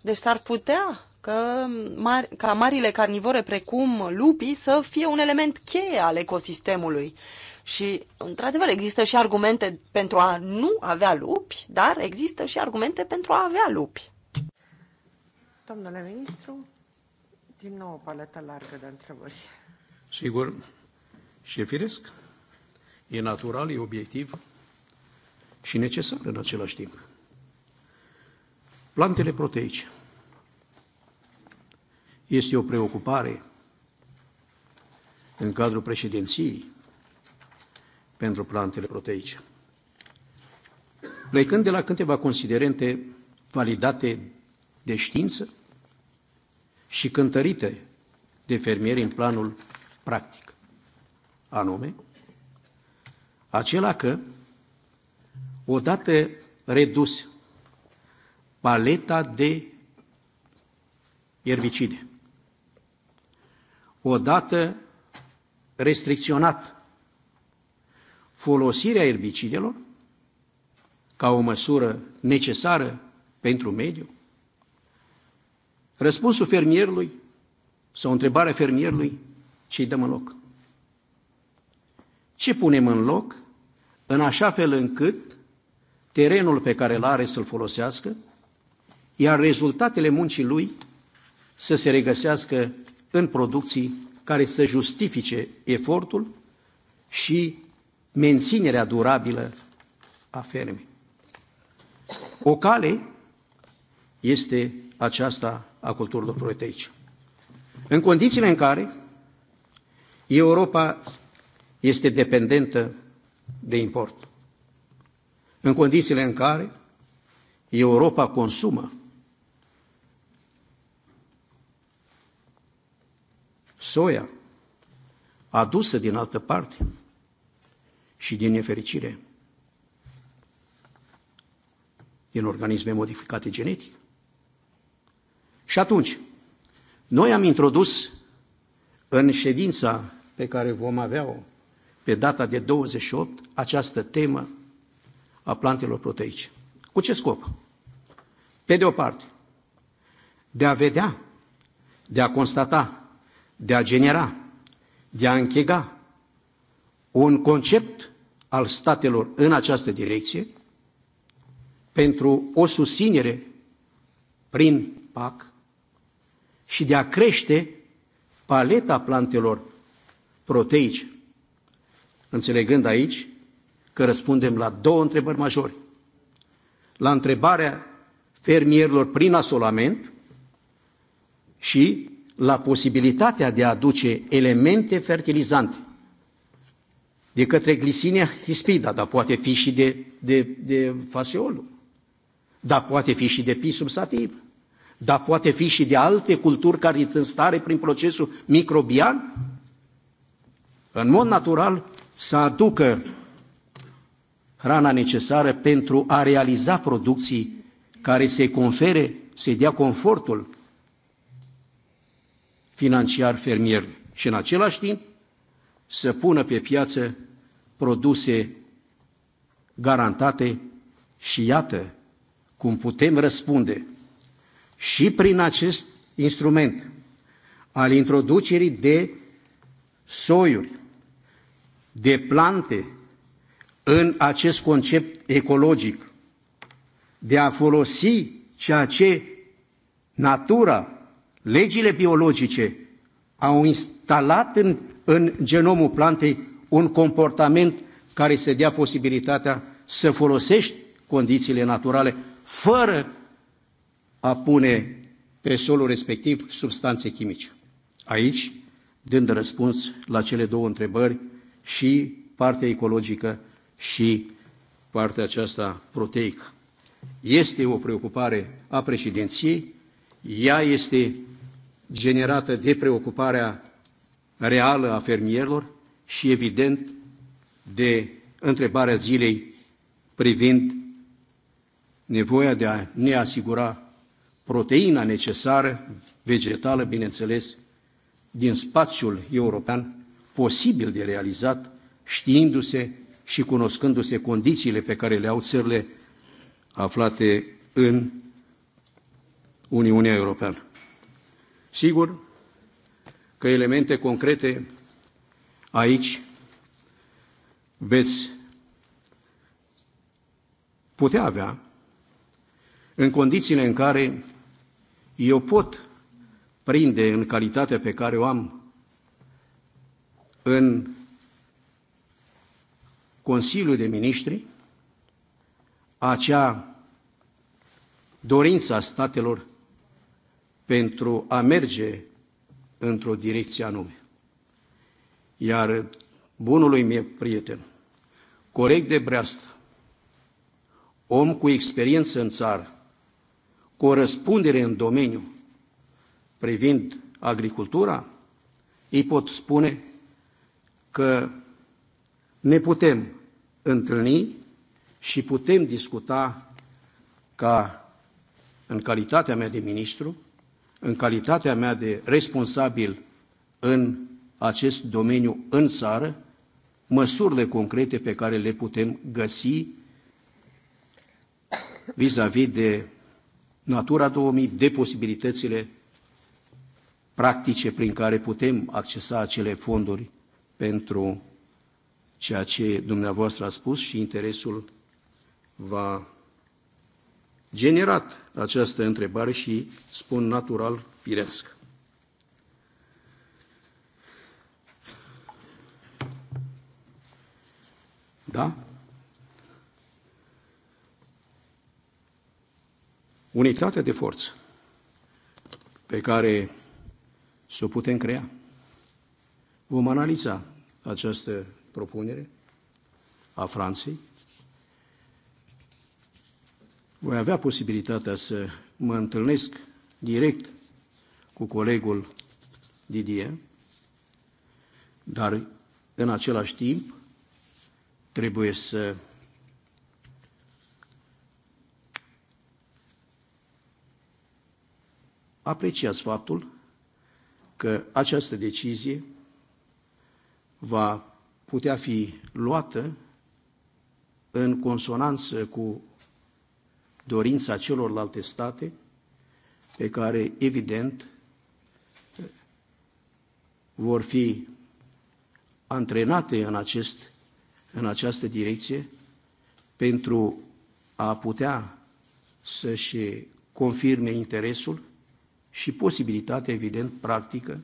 Deci s-ar putea că mar, ca marile carnivore precum lupii să fie un element cheie al ecosistemului. Și, într-adevăr, există și argumente pentru a nu avea lupi, dar există și argumente pentru a avea lupi. Domnule ministru, din nou o paletă largă de întrebări. Sigur, și e firesc, e natural, e obiectiv și necesar în același timp. Plantele proteice este o preocupare în cadrul președinției pentru plantele proteice. Plecând de la câteva considerente validate de știință și cântărite de fermieri în planul practic, anume, acela că, odată redus paleta de erbicide, odată restricționat folosirea erbicidelor ca o măsură necesară pentru mediu? Răspunsul fermierului sau întrebarea fermierului ce îi dăm în loc? Ce punem în loc în așa fel încât terenul pe care îl are să-l folosească, iar rezultatele muncii lui să se regăsească în producții care să justifice efortul și menținerea durabilă a fermei. O cale este aceasta a culturilor proteice. În condițiile în care Europa este dependentă de import, în condițiile în care Europa consumă soia adusă din altă parte și din nefericire din organisme modificate genetic. Și atunci, noi am introdus în ședința pe care vom avea-o pe data de 28 această temă a plantelor proteice. Cu ce scop? Pe de o parte, de a vedea, de a constata de a genera, de a închega un concept al statelor în această direcție pentru o susținere prin PAC și de a crește paleta plantelor proteice, înțelegând aici că răspundem la două întrebări majore. La întrebarea fermierilor prin asolament și la posibilitatea de a aduce elemente fertilizante de către glisinia hispida, dar poate fi și de, de, de faseolul, dar poate fi și de pisum sativ, dar poate fi și de alte culturi care sunt în stare prin procesul microbian, în mod natural să aducă hrana necesară pentru a realiza producții care se confere, se dea confortul financiar fermier și în același timp să pună pe piață produse garantate și iată cum putem răspunde și prin acest instrument al introducerii de soiuri, de plante în acest concept ecologic, de a folosi ceea ce natura legile biologice au instalat în, în genomul plantei un comportament care să dea posibilitatea să folosești condițiile naturale fără a pune pe solul respectiv substanțe chimice. Aici, dând răspuns la cele două întrebări, și partea ecologică și partea aceasta proteică. Este o preocupare a președinției, ea este generată de preocuparea reală a fermierilor și, evident, de întrebarea zilei privind nevoia de a ne asigura proteina necesară, vegetală, bineînțeles, din spațiul european, posibil de realizat, știindu-se și cunoscându-se condițiile pe care le au țările aflate în Uniunea Europeană. Sigur că elemente concrete aici veți putea avea în condițiile în care eu pot prinde în calitatea pe care o am în Consiliul de Ministri acea dorință a statelor pentru a merge într-o direcție anume. Iar bunului meu prieten, coleg de breastă, om cu experiență în țară, cu o răspundere în domeniu privind agricultura, îi pot spune că ne putem întâlni și putem discuta ca în calitatea mea de ministru în calitatea mea de responsabil în acest domeniu în țară, măsurile concrete pe care le putem găsi vis-a-vis -vis de Natura 2000, de posibilitățile practice prin care putem accesa acele fonduri pentru ceea ce dumneavoastră a spus și interesul va generat această întrebare și spun natural firească. Da? Unitatea de forță pe care să o putem crea. Vom analiza această propunere a Franței, voi avea posibilitatea să mă întâlnesc direct cu colegul Didier, dar în același timp trebuie să apreciați faptul că această decizie va putea fi luată în consonanță cu dorința celorlalte state pe care, evident, vor fi antrenate în, acest, în această direcție pentru a putea să-și confirme interesul și posibilitatea, evident, practică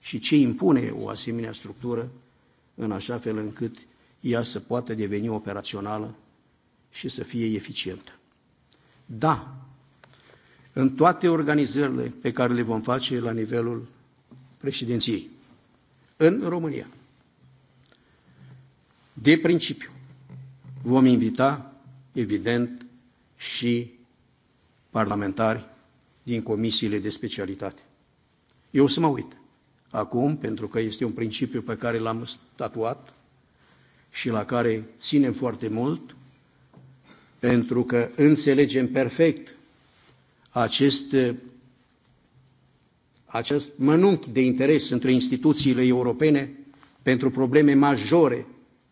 și ce impune o asemenea structură în așa fel încât ea să poată deveni operațională și să fie eficientă. Da, în toate organizările pe care le vom face la nivelul președinției, în România, de principiu, vom invita, evident, și parlamentari din comisiile de specialitate. Eu o să mă uit acum, pentru că este un principiu pe care l-am statuat și la care ținem foarte mult, pentru că înțelegem perfect acest, acest mănunchi de interes între instituțiile europene pentru probleme majore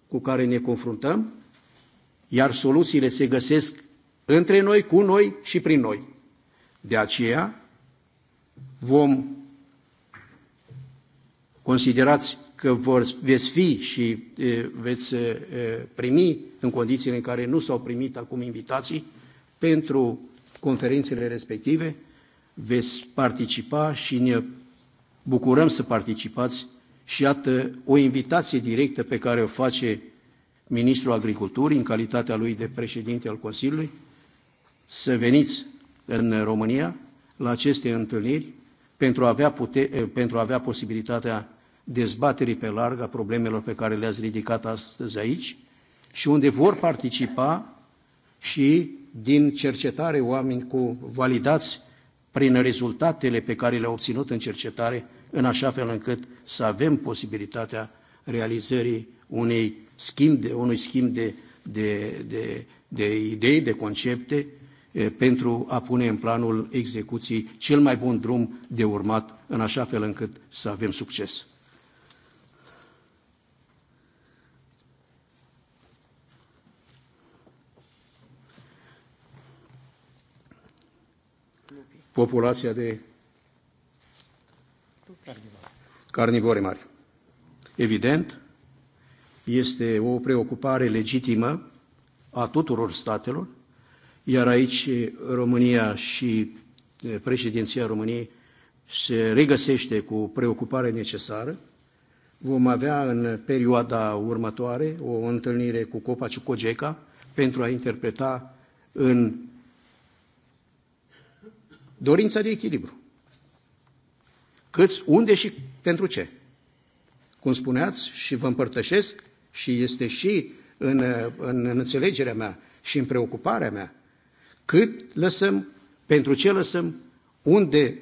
cu care ne confruntăm, iar soluțiile se găsesc între noi, cu noi și prin noi. De aceea vom considerați că vor, veți fi și veți primi în condițiile în care nu s-au primit acum invitații pentru conferințele respective, veți participa și ne bucurăm să participați și iată o invitație directă pe care o face Ministrul Agriculturii în calitatea lui de președinte al Consiliului să veniți în România la aceste întâlniri pentru a avea, pute- pentru a avea posibilitatea dezbaterii pe larg a problemelor pe care le-ați ridicat astăzi aici și unde vor participa și din cercetare oameni cu validați prin rezultatele pe care le-au obținut în cercetare, în așa fel încât să avem posibilitatea realizării unei schimb de, unui schimb de, de, de, de idei, de concepte, pentru a pune în planul execuției cel mai bun drum de urmat, în așa fel încât să avem succes. populația de carnivore mari. Evident, este o preocupare legitimă a tuturor statelor, iar aici România și eh, președinția României se regăsește cu preocupare necesară. Vom avea în perioada următoare o întâlnire cu Copa Ciucogeca pentru a interpreta în dorința de echilibru. Câți, unde și pentru ce. Cum spuneați și vă împărtășesc și este și în, în, în înțelegerea mea și în preocuparea mea, cât lăsăm, pentru ce lăsăm, unde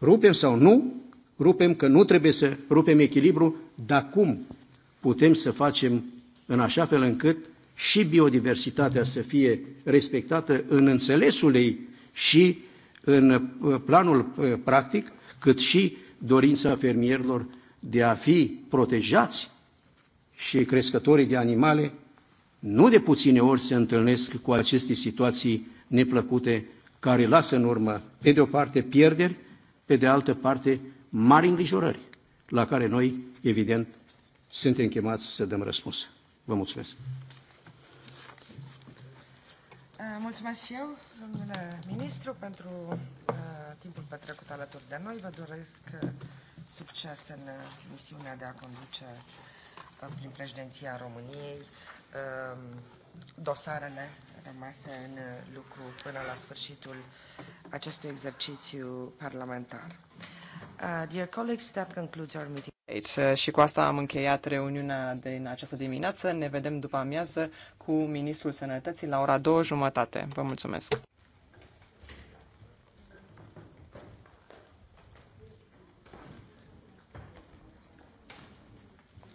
rupem sau nu, rupem că nu trebuie să rupem echilibru, dar cum putem să facem în așa fel încât și biodiversitatea să fie respectată în înțelesul ei și în uh, planul uh, practic, cât și dorința fermierilor de a fi protejați și crescătorii de animale nu de puține ori se întâlnesc cu aceste situații neplăcute care lasă în urmă, pe de o parte, pierderi, pe de altă parte, mari îngrijorări, la care noi, evident, suntem chemați să dăm răspuns. Vă mulțumesc! Mulțumesc și eu, domnule ministru, pentru uh, timpul petrecut alături de noi. Vă doresc uh, succes în uh, misiunea de a conduce prin președinția României um, dosarele rămase în lucru până la sfârșitul acestui exercițiu parlamentar. Uh, dear colleagues, that concludes our meeting aici. Și cu asta am încheiat reuniunea din această dimineață. Ne vedem după amiază cu Ministrul Sănătății la ora două jumătate. Vă mulțumesc!